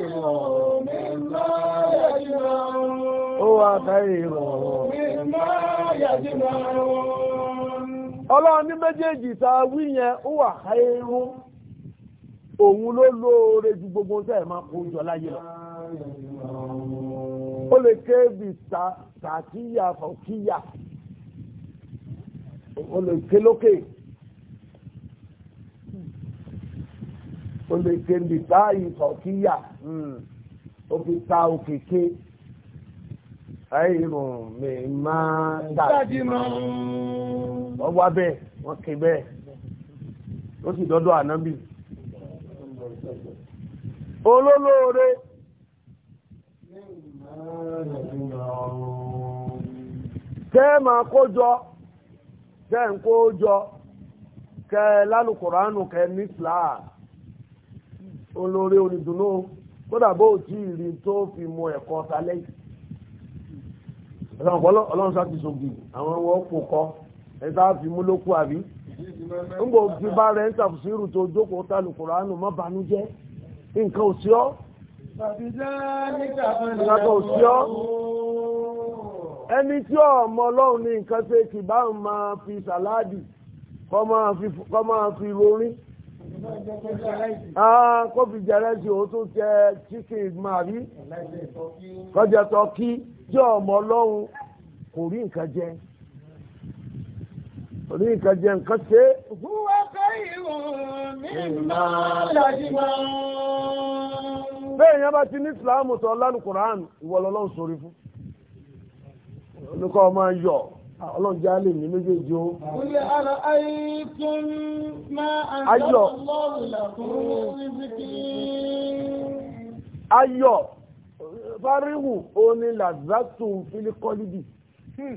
ọlọ́run ní méjèèjì tá a wí yẹn ó wà háírún òun ló lóore ju gbogbo tẹ́ ẹ̀ máa kó jọ láyé lọ ó lè ké bí tàkíyà fọ̀kíyà ó lè ké lókè ó lè ké táyì fọ̀kíyà hmm. ó fi ta òkèké. àìrùn mi máa dájìmọ̀ ọgbà wá bẹ́ẹ̀ wọ́n kì bẹ́ẹ̀ ó sì dọ́dọ̀ ànábì olólóore tẹ́ ma kójọ tẹ́ ń kójọ kẹ lálùkùránù kẹ nífìlà olóore onídùnnú kódà bó ò tí ì rí tó fi mu ẹ̀kọ́ ta lẹ́yìn ọlọ́run sá ti sògì àwọn wọ́n pò kọ́ ẹ̀ta fi mú lókù àbí ń bò fi bá rẹ̀ ń tàfsírù tó jókòó tálù kùránù má banú jẹ́ nǹkan ò sí ọ́ nǹkan ò sí ọ́ ẹni tí ọmọ ọlọ́run ní nǹkan ṣe kì bá ń máa fi sàláàdì kọ́ máa fi rorin kó fi jẹrẹ sí òótọ́ jẹ chicken máa rí kọjá tọ́kí jẹ́ ọmọ ọlọ́run kò rí nǹkan jẹ kò rí nǹkan jẹ nǹkan ṣe. ìhùwà kẹ́yìn mímọ́ lọ́jọ́. bẹ́ẹ̀ yẹn bá ti ní ìsìláàmù sọ lálùkùránù ìwọ lọ́lọ́run sórí fún olùkọ́ ọmọ yọ ọlọ́run já lè ní méjèèjì o. Olè ara ayé tó ń máa àjọ ọlọ́run làkúrú ní síkì. Ayọ̀ fáríwù ó ní làzátù fílíkọ́lìdì hmm.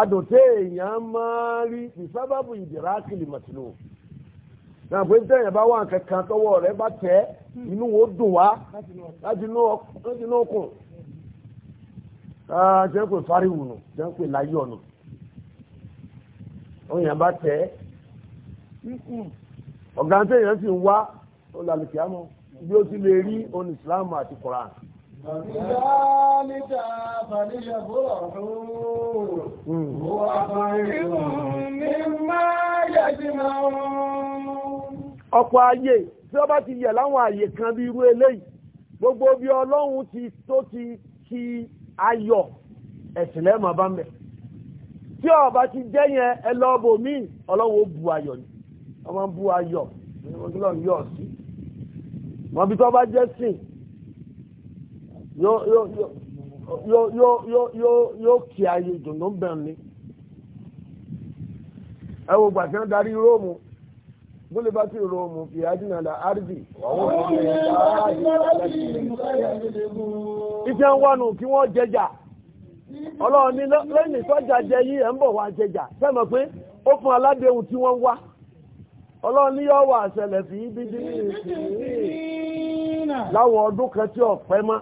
adùnté èèyàn máa rí ìsábàbù ìdìrákìlì màtìlò náà pé tẹ̀yìn bá wà kankan tọwọ́ rẹ̀ bá tẹ̀ inú wo dùn wá láti inú ọkùn jẹ́ pé fáríwù nù jẹ́ pé láyọ̀ nù òyìn bá tẹ̀ ọ̀gá tẹ̀yìn sì ń wá ó lálùkìá mọ́ bí ó ti lè rí oní àti Koran. فبذلك فليفرحوا هو خير ọ̀pọ̀ ayé tí ó bá ti yẹ̀ láwọn àyè kan bí irú eléyìí gbogbo bí ọlọ́run ti tó ti ti ayọ̀ ẹ̀sìnlẹ́mọ̀ bá mẹ́ tí ó bá ti jẹ́ yẹn ẹlọ́bò míì ọlọ́run ó bu ayọ̀ ni ọmọ bu ayọ̀ ọmọ bí tó bá jẹ́ sìn yóò yóò kí ayé ni ẹ wo gbà tí wọ́n darí róòmù bólú bá ti róòmù fi àdínà là árdì. iṣẹ́ ń wánu kí wọ́n jẹjà ọlọ́run ní lẹ́yìn sọ́jà jẹ yí ẹ̀ ń bọ̀ wá jẹjà sẹ́mọ̀ pé ó fún aládéhùn tí wọ́n wá ọlọ́run ní yọ́ wà fi láwọn ọdún kan tí ọ̀pẹ́ mọ́.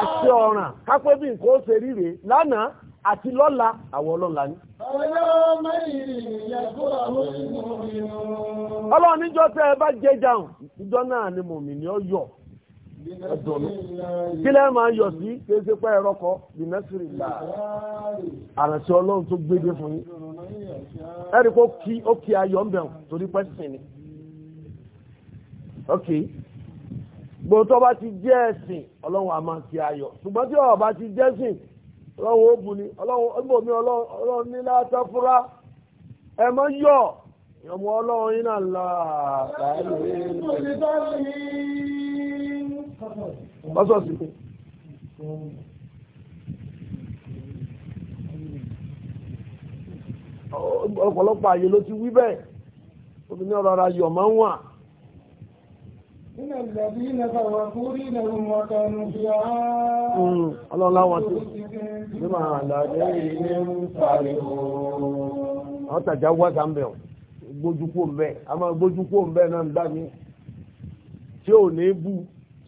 àti ọ̀ràn kápẹ́ bí nǹkan ó ṣe ríre lánàá àti lọ́la àwọn ọlọ́la ní. ọlọ́run níjọ́ tẹ́ ẹ bá jẹ jàun níjọ́ náà ni mòmìnì ọ yọ̀ ẹ̀dùnú kí lẹ́ máa yọ̀ sí kéèsé pẹ́ ẹ̀rọ́kọ́ bìnẹ́sìrì là àrànṣẹ́ ọlọ́run tó gbédé fún yín ẹ̀rí kó kí ayọ̀ ń bẹ̀rù torí pẹ́sìn ni. ok gbogbo tó bá ti jẹ́ ẹ̀sìn ọlọ́run àmọ́ ti ayọ̀ ṣùgbọ́n tí ó bá ti jẹ́ ẹ̀sìn ọlọ́run ó bu ni ọlọ́run ibòmí ọlọ́run ní látàfúrá ẹ mọ́ yọ̀ ọmọ ọlọ́run iná láàrín ọ̀pọ̀lọpọ̀ àyè ló ti wí bẹ́ẹ̀ obìnrin ọ̀rọ̀ ara yọ̀ máa ń wà من الذين فرقوا دينهم hmm, àwọn tàjà wá ń bẹ̀ gbójú kó ń bẹ̀ a máa gbójú ń bẹ̀ náà ń dá mi tí ò ní bú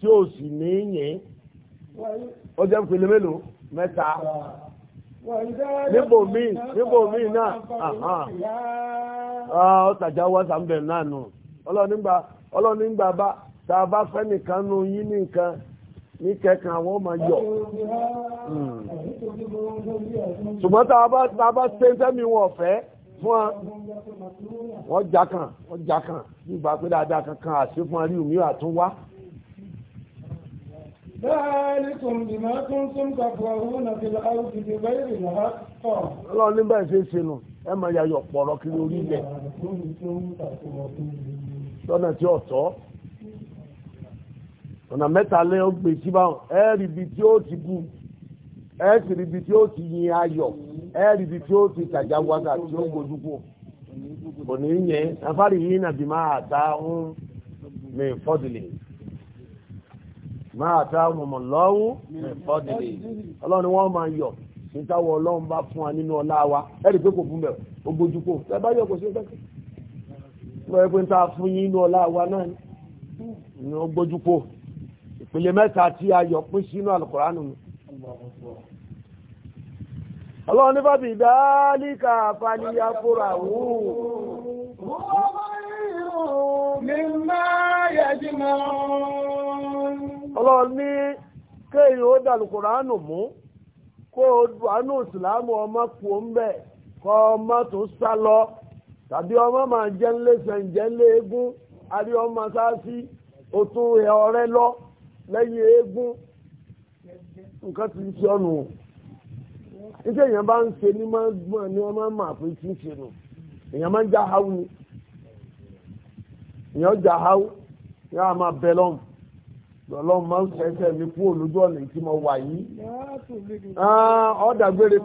tí ò sì ní yẹn ó jẹ́ ìpele mélòó mẹ́ta níbo míì níbo míì náà ah, ó tàjà wá sá ń bẹ̀ náà nù ọlọ́ọ̀nìgbà ọlọ́ọ̀nìgbà bá tá a bá fẹ́ nìkan nu yín ní nǹkan ní kẹkàn àwọn ọmọ yọ ṣùgbọ́n tá a bá ṣe sẹ́mi wọn ọ̀fẹ́ fún ọ wọ́n jákàn wọ́n jákàn bí ìgbà pé dáadáa kankan àti fún arí omi àtún wá. Dáàlìkùn bìmọ̀ tún tún kàfọ̀ òun àti àwùjọ ìgbẹ́ ìrìnà pọ̀. Ọlọ́run níbẹ̀ ṣe é sinú ẹ máa yayọ̀ pọ̀rọ̀ kiri orí Lọ́nà tí ọ̀tọ̀ ọ̀nà mẹ́ta lé ó gbé sí báwọn ẹ́ẹ̀rì ibi tí ó ti bú ẹ́ẹ̀sì ibi tí ó ti yin ayọ̀ ẹ́ẹ̀rì ibi tí ó ti tàjà wákà tí ó gbójú kù kò ní yẹn afárí yìí nàbí máa ta ń mi fọ́dìlì máa ta mọ̀mọ̀ lọ́wọ́ mi fọ́dìlì ọlọ́run wọn máa yọ̀ nítawọ̀ ọlọ́run bá fún wa nínú ọlá wa ẹ́ẹ̀rì pé kò fún bẹ̀ ó gbójú kù ẹ bá yọ kò sí kẹ́kẹ́ wọ́n yẹ pé ń ta fún yín nínú ọlá wa náà ni ó gbójú kù ìpìlẹ̀ mẹ́ta tí a yọ pín sínú alukọ̀ránù mi ọlọ́run ní bábí ìdálíkà fàníyà fúra wù ọlọ́run ní kéèrè ó dàlùkọ̀ránù mú kó o dùnánù ìsìlámù ọmọ kù ń bẹ̀ kọ́ ọmọ tó sá lọ tàbí ọmọ máa jẹ́ ńlẹ́sẹ̀ ń jẹ́ ńlẹ́ egún àbí ọmọ sáà sí òtún ẹ̀ ọ̀rẹ́ lọ lẹ́yìn eégún nǹkan ti ṣe ọ̀nù nígbà èèyàn bá ń ṣe ní máa ń gbọ́n ni wọ́n máa ń mà pé ń ṣe nù èèyàn máa ń já háwù ni èèyàn já háwù yá a máa bẹ máa ń mi kú olójú ọ̀nà tí mo wà yìí ọ̀dàgbére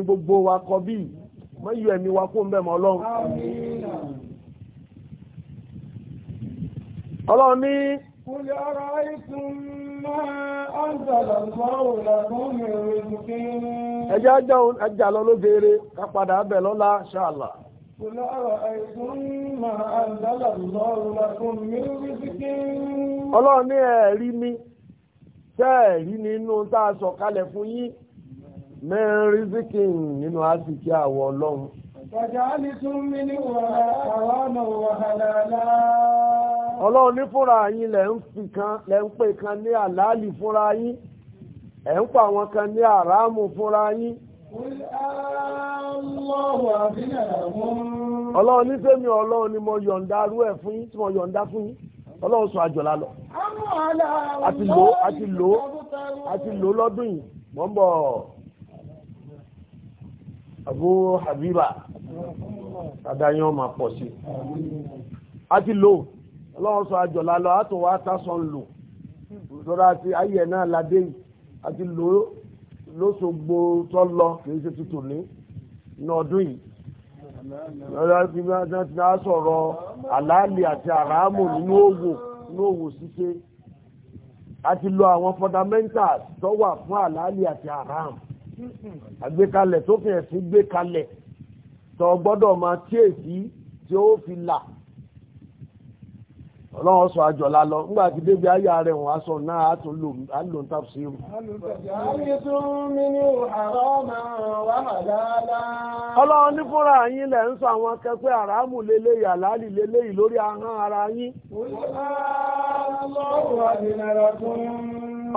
o gbogbo wa kọ bíi yọ ẹ̀mí wa kó ń bẹ̀ ọlọ́run ní Kúlẹ̀ ọ̀rọ̀ ìtún máa lọ ló béèrè, ká padà bẹ̀ lọ́la, ṣáàlá. Kúlẹ̀ ọ̀rọ̀ ìtún máa ń sọ̀rọ̀ sọ́rọ̀ lọ́dún mẹ́rin ìrìnkí. Ọlọ́run ní ẹ̀rí mi, tẹ́ẹ̀rí nínú tá a sọ kalẹ̀ fún yín, mẹ́rin ìrìnkí nínú àsìkí àwọ̀ ọlọ́run. Wàjá ọlọ́run ní fúnra yín lẹ̀ ń kan lẹ̀ ń pè kan ní àlàálì fúnra yín ẹ̀ ń pa àwọn kan ní àràámù fúnra yín. ọlọ́run ní sẹ́mi ọlọ́run ni mo yọ̀ǹda arú ẹ̀ fún yín tí mo yọ̀ǹda fún yín ọlọ́run sọ àjọ̀lá lọ. àti lò àti lò àti lò lọ́dún yìí mọ̀ ń bọ̀ Abu Habiba adáyán máa pọ̀ sí i àti lò ọlọ́run sọ àjọ̀lá lọ àtò wa tásán lò lọ́dọ̀ àti ayé ẹ̀ náà ládé yìí àti lò lóṣogbo tó lọ kì í ṣe tuntun ní ní ọdún yìí lọ́dọ̀ àti ti náà sọ̀rọ̀ àlàálì àti àràámù nínú òwò nínú òwò ṣíṣe àti lo àwọn fundamentals tó wà fún àlàálì àti àràámù àgbékalẹ̀ tó fi ẹ̀sìn gbé kalẹ̀ tó gbọ́dọ̀ máa tíyèsí tí ó fi là ọlọ́run sọ àjọ̀lá lọ nígbà tí débi ayá rẹ̀ wọ́n aṣọ náà á tún lò ń tàbí sí ọlọ́run ní fúnra yín lẹ̀ ń sọ àwọn akẹgbẹ́ àràmù lélẹ́yìí àlálì lélẹ́yìí lórí ahọ́n ara yín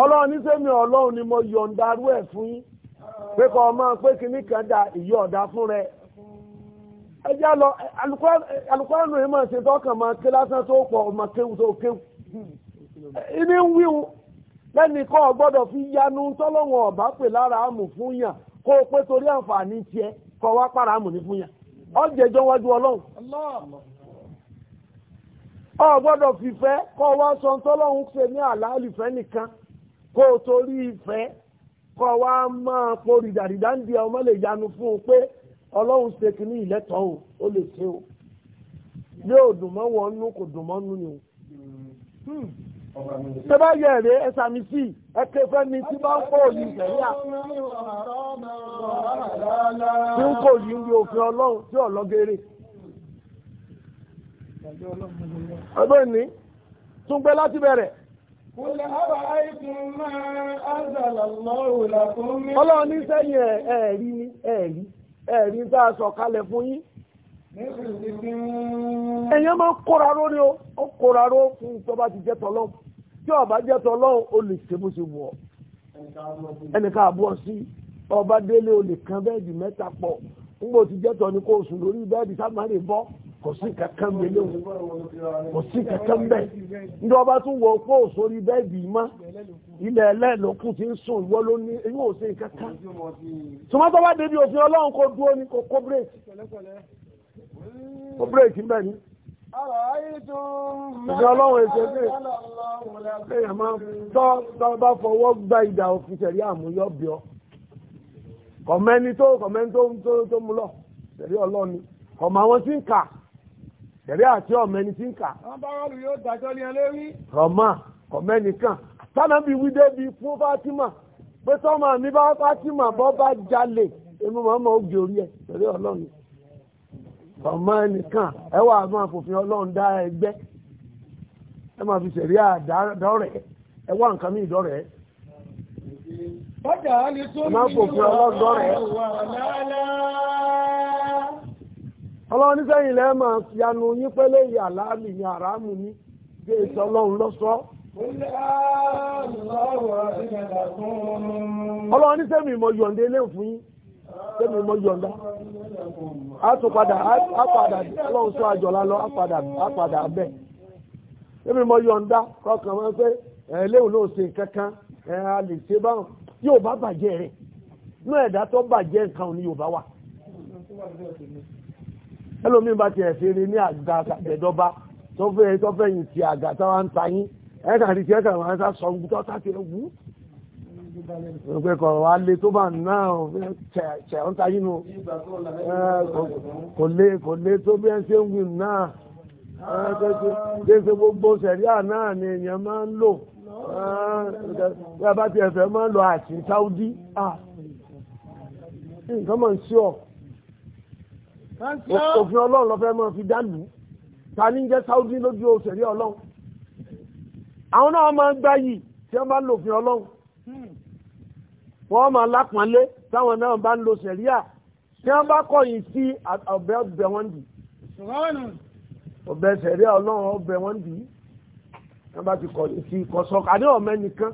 ọlọ́run ní sẹ́mi ọlọ́run ni mo yọ̀ǹdarú ẹ̀ fún yín pé kọ́ ọmọ pé kìnnìkan da ìyọ̀ọ̀dá fún rẹ̀ ẹjá lọ alùkọ́rọ̀ ní ìmọ̀ ṣe tọ́kàn máa ké lásán tó pọ̀ máa kéwù tó kéwù inú ń wíwu lẹ́nìkan ọgbọ́dọ̀ fi yanu tọ́lọ́wọ̀n ọ̀bá pè lára àmù fún yàn kó o pé torí àǹfààní tiẹ̀ wá para ní fún yàn ọ̀jẹ̀jọ́ wájú ọlọ́run ọgbọ́dọ̀ fìfẹ́ kọ wá sọ tọ́lọ́run ṣe ní nìkan kó o torí ìfẹ́ wá máa ọmọ lè yanu fún ọlọ́run ṣe kìíní ìlẹ́tọ̀ o ó lè ṣe o bí ò dùn mọ́ wọn nú kò dùn mọ́ nú ni o. Hmm. ṣé bá yẹ èrè ẹ sàmì sí i ẹ ké fẹ́ mi tí bá ń kó òyì ìtẹ̀yà tí ń kó òyì ń òfin ọlọ́run tí ọ̀lọ́gẹ́rẹ́. ọdún ìní tún gbé láti bẹ̀rẹ̀. Ọlọ́run ní sẹ́yìn ẹ̀ẹ̀rí ní ẹ̀ẹ̀rí. ẹ̀rí a sọ kalẹ̀ fún yín èèyàn máa ń kóra ró ó kóra ró fún ti jẹ́ tọ́lọ́hùn tí ọba jẹ́ tọ́lọ́hùn ó lè ṣe bó ṣe wù ọ́ sí ọba délé ó lè kan bẹ́ẹ̀dì mẹ́ta pọ̀ nígbà tí jẹ́tọ̀ ni kò sùn lórí bẹ́ẹ̀dì sáà lè kò sí kankan bẹ léwu kò sí kankan ní ọba tún wọ pé òsórí bẹ́ẹ̀dì má ilẹ̀ ẹlẹ́ẹ̀lọ́kùn ti ń sùn ìwọ ló ní eyín òsè kankan tòmátọ́ bá débi òfin ọlọ́run kò dúró ní kò kó bírèkì kó bírèkì ń bẹ̀ ní. ìjọ ọlọ́run ètò ẹgbẹ́ ẹ̀yà máa tọ́ tọ́ bá fọwọ́ gba ìdà òfin tẹ̀lé àmúyọ́ bíọ́ kọ̀mẹ́ni tó kọ̀mẹ́ni tó mú lọ tẹ̀lé ọlọ́run ni kọ̀mọ àwọn tí ń kà ṣẹ̀rí àti ọmọ ẹni tí ń kà. wọ́n bá rọ́ọ̀lù yóò dájọ́ ní ọmọ kọ̀mẹ́nìkan tánàbí wídé bíi fún Fátímà pé tọ́mọ mi bá Fátímà bọ́ bá jalè ọmọ ògì orí ẹ̀ ṣẹ̀rí ọlọ́run. ọmọ ẹnìkan ẹ wà fòfin ọlọ́run dá ẹ fi àdọ́rẹ̀ ẹ ọlọ́run nísẹ̀yìn lẹ́ máa yanu yín pẹ́lẹ́ yìí àlámì ní àràmù ní gbé ètò ọlọ́run lọ́sọ́. ọlọ́run nísẹ̀mì mọ yọ̀ǹda eléyìí fún yín sẹ́mi mọ yọ̀ǹda á tún padà á padà ọlọ́run sọ àjọ̀lá lọ á padà á padà bẹ̀ sẹ́mi mọ yọ̀ǹda kọkàn máa ń pẹ́ ẹ̀ẹ́lẹ́wọ̀n ló ṣe kankan ẹ̀ a lè ṣe ẹlòmíì bá ti ẹ̀sìn rí ní àgbà àjẹjọba tó fẹ́ tó fẹ́ yìí ti àgbà táwa ń ta yín ẹ̀ka àti tiẹ̀ kàwọn ẹ̀ka sọ ohun tó tà tiẹ̀ wú. òpè kọ̀ wá lé tó bá náà ṣẹ̀ ń ta yín nu kò lé kò lé tó bí ẹ ṣe ń wí náà ṣe gbogbo sẹ̀ríà náà ni èèyàn máa ń lò bí a bá ti ẹ̀fẹ̀ máa ń lo àti sáúdí nǹkan mọ̀ ń ṣe ọ̀ òfin ọlọ́run ló fẹ́ máa fi dálù ta ní jẹ́ Saudi lójú òṣèré ọlọ́run àwọn náà máa ń gbá yìí tí wọ́n bá ń lòfin ọlọ́run hmm. wọ́n máa lápọ́nlé táwọn náà bá ń lo sẹ̀ríà tí wọ́n bá kọ̀yìn sí ọ̀bẹ ọ̀bẹ wọn dì ọ̀bẹ sẹ̀ríà ọlọ́run ọ̀bẹ wọn dì wọ́n bá ti kọ̀yìn sí kọ̀sọ́kà ní ọ̀mẹ nìkan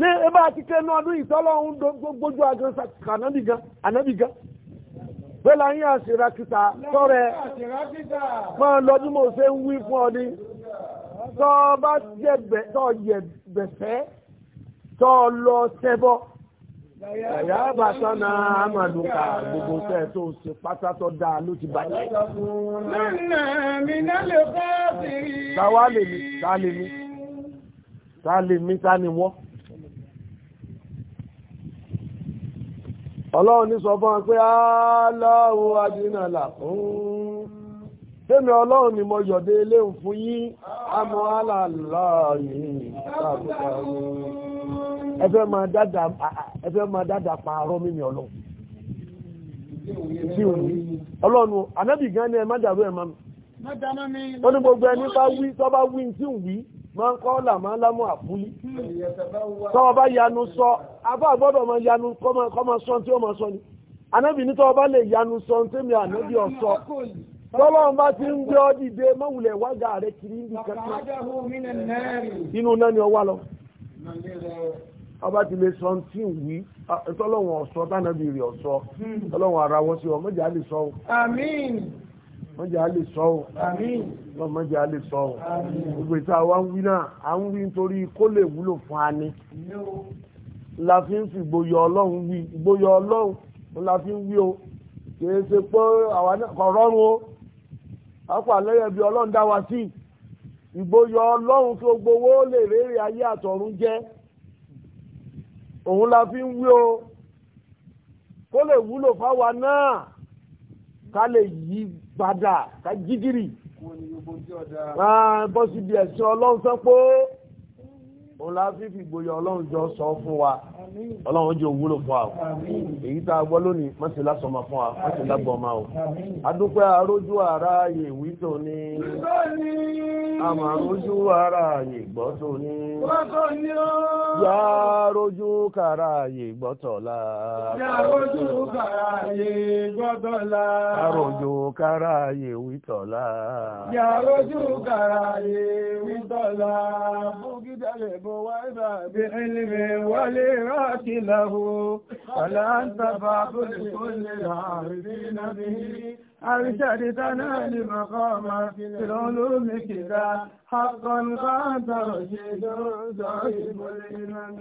ní ebá ti kẹ́nu ọdún ìtọ́lọ́run gbogbo àgbọn kànábìgan Bẹ́lá yín àṣírá kìtà tọ́rẹ máa lọ bí mo ṣe ń wí fún ọ Tọ́ bá yẹ bẹ̀fẹ́ tọ́ lọ tẹ́bọ́. Ẹ̀yà àbàtà náà àmàlùkà gbogbo tẹ́ tó ṣe pátá tọ́ dáa ló ti bàjẹ́. Lọ́nà lè mi, ta lè mi, ta lè mi, ta ni wọ́n. ọlọ́run ní sọ fún pé aláwọ̀ adínàlà fún tẹ́mi ọlọ́run ni mo yọ̀dé ilé ń fún yín àmọ́ aláàláàyìn tàbùkàrù ẹfẹ́ máa dáadáa pààrọ̀ mímí ọlọ́run ọlọ́run anábì gan ni ẹ má dàrú ẹ̀ má máa ń kọ́ làmá lámú àfúlí tọ́wọ́ bá yanu sọ abá gbọ́dọ̀ máa yanu kọ́mọ sọ tí ó máa sọ ni anábì ní tọ́wọ́ bá lè yanu sọ tí mi ànábì ọ̀sọ́ tọ́lọ́run bá ti ń gbé ọ dìde mọ́wùlẹ̀ wága rẹ kiri ní kankan inú náà ni ọ lọ ọba ti lè sọ tí ń wí tọ́lọ́run ọ̀sọ́ tánàbì rẹ̀ ọ̀sọ́ hmm. tọ́lọ́run ara wọn mọ́jà á lè sọ ọ́ lọ mọ́jà á lè sọ ọ́ gbogbo ìta wa ń wí náà à ń wí nítorí kó lè wúlò fún a ní la fi ń fi ìgboyà ọlọ́run wí ìgboyà ọlọ́run la fi ń wí o kìí ṣe pé àwa náà kọ̀ rọrùn o àpà lẹ́yìn bí ọlọ́run dá wa sí ìgboyà ọlọ́run tó gbowó lè rèrè ayé àtọ̀run jẹ́ òun la fi ń wí o kó lè wúlò fáwa náà ká lè yí gbàdà ká jígìrì bọ́sibí ẹ̀sìn ọlọ́run sọ pé òun la fífi ìgboyà ọlọ́run jọ sọ fún wa ọlọ́run jẹ́ òwúlò fún wa èyí tá a gbọ́ lónìí mọ́sí lásọmọ fún wa mọ́sí lágbọ̀ọ́mà o adúpẹ́ arójú ara yè wí tó ní àmà arójú ara yè gbọ́ tó ní yá arójú kàrà yè gbọ́ tọ̀la arójú kàrà yè gbọ́ tọ̀la arójú kàrà yè wí tọ̀la yá arójú kàrà yè wí wálé rẹ̀. الخيرات له فلا أنت فاقل كل العارفين به أرشد تنال مقام في العلوم كذا حقا قد رشيد ضعيف الإمام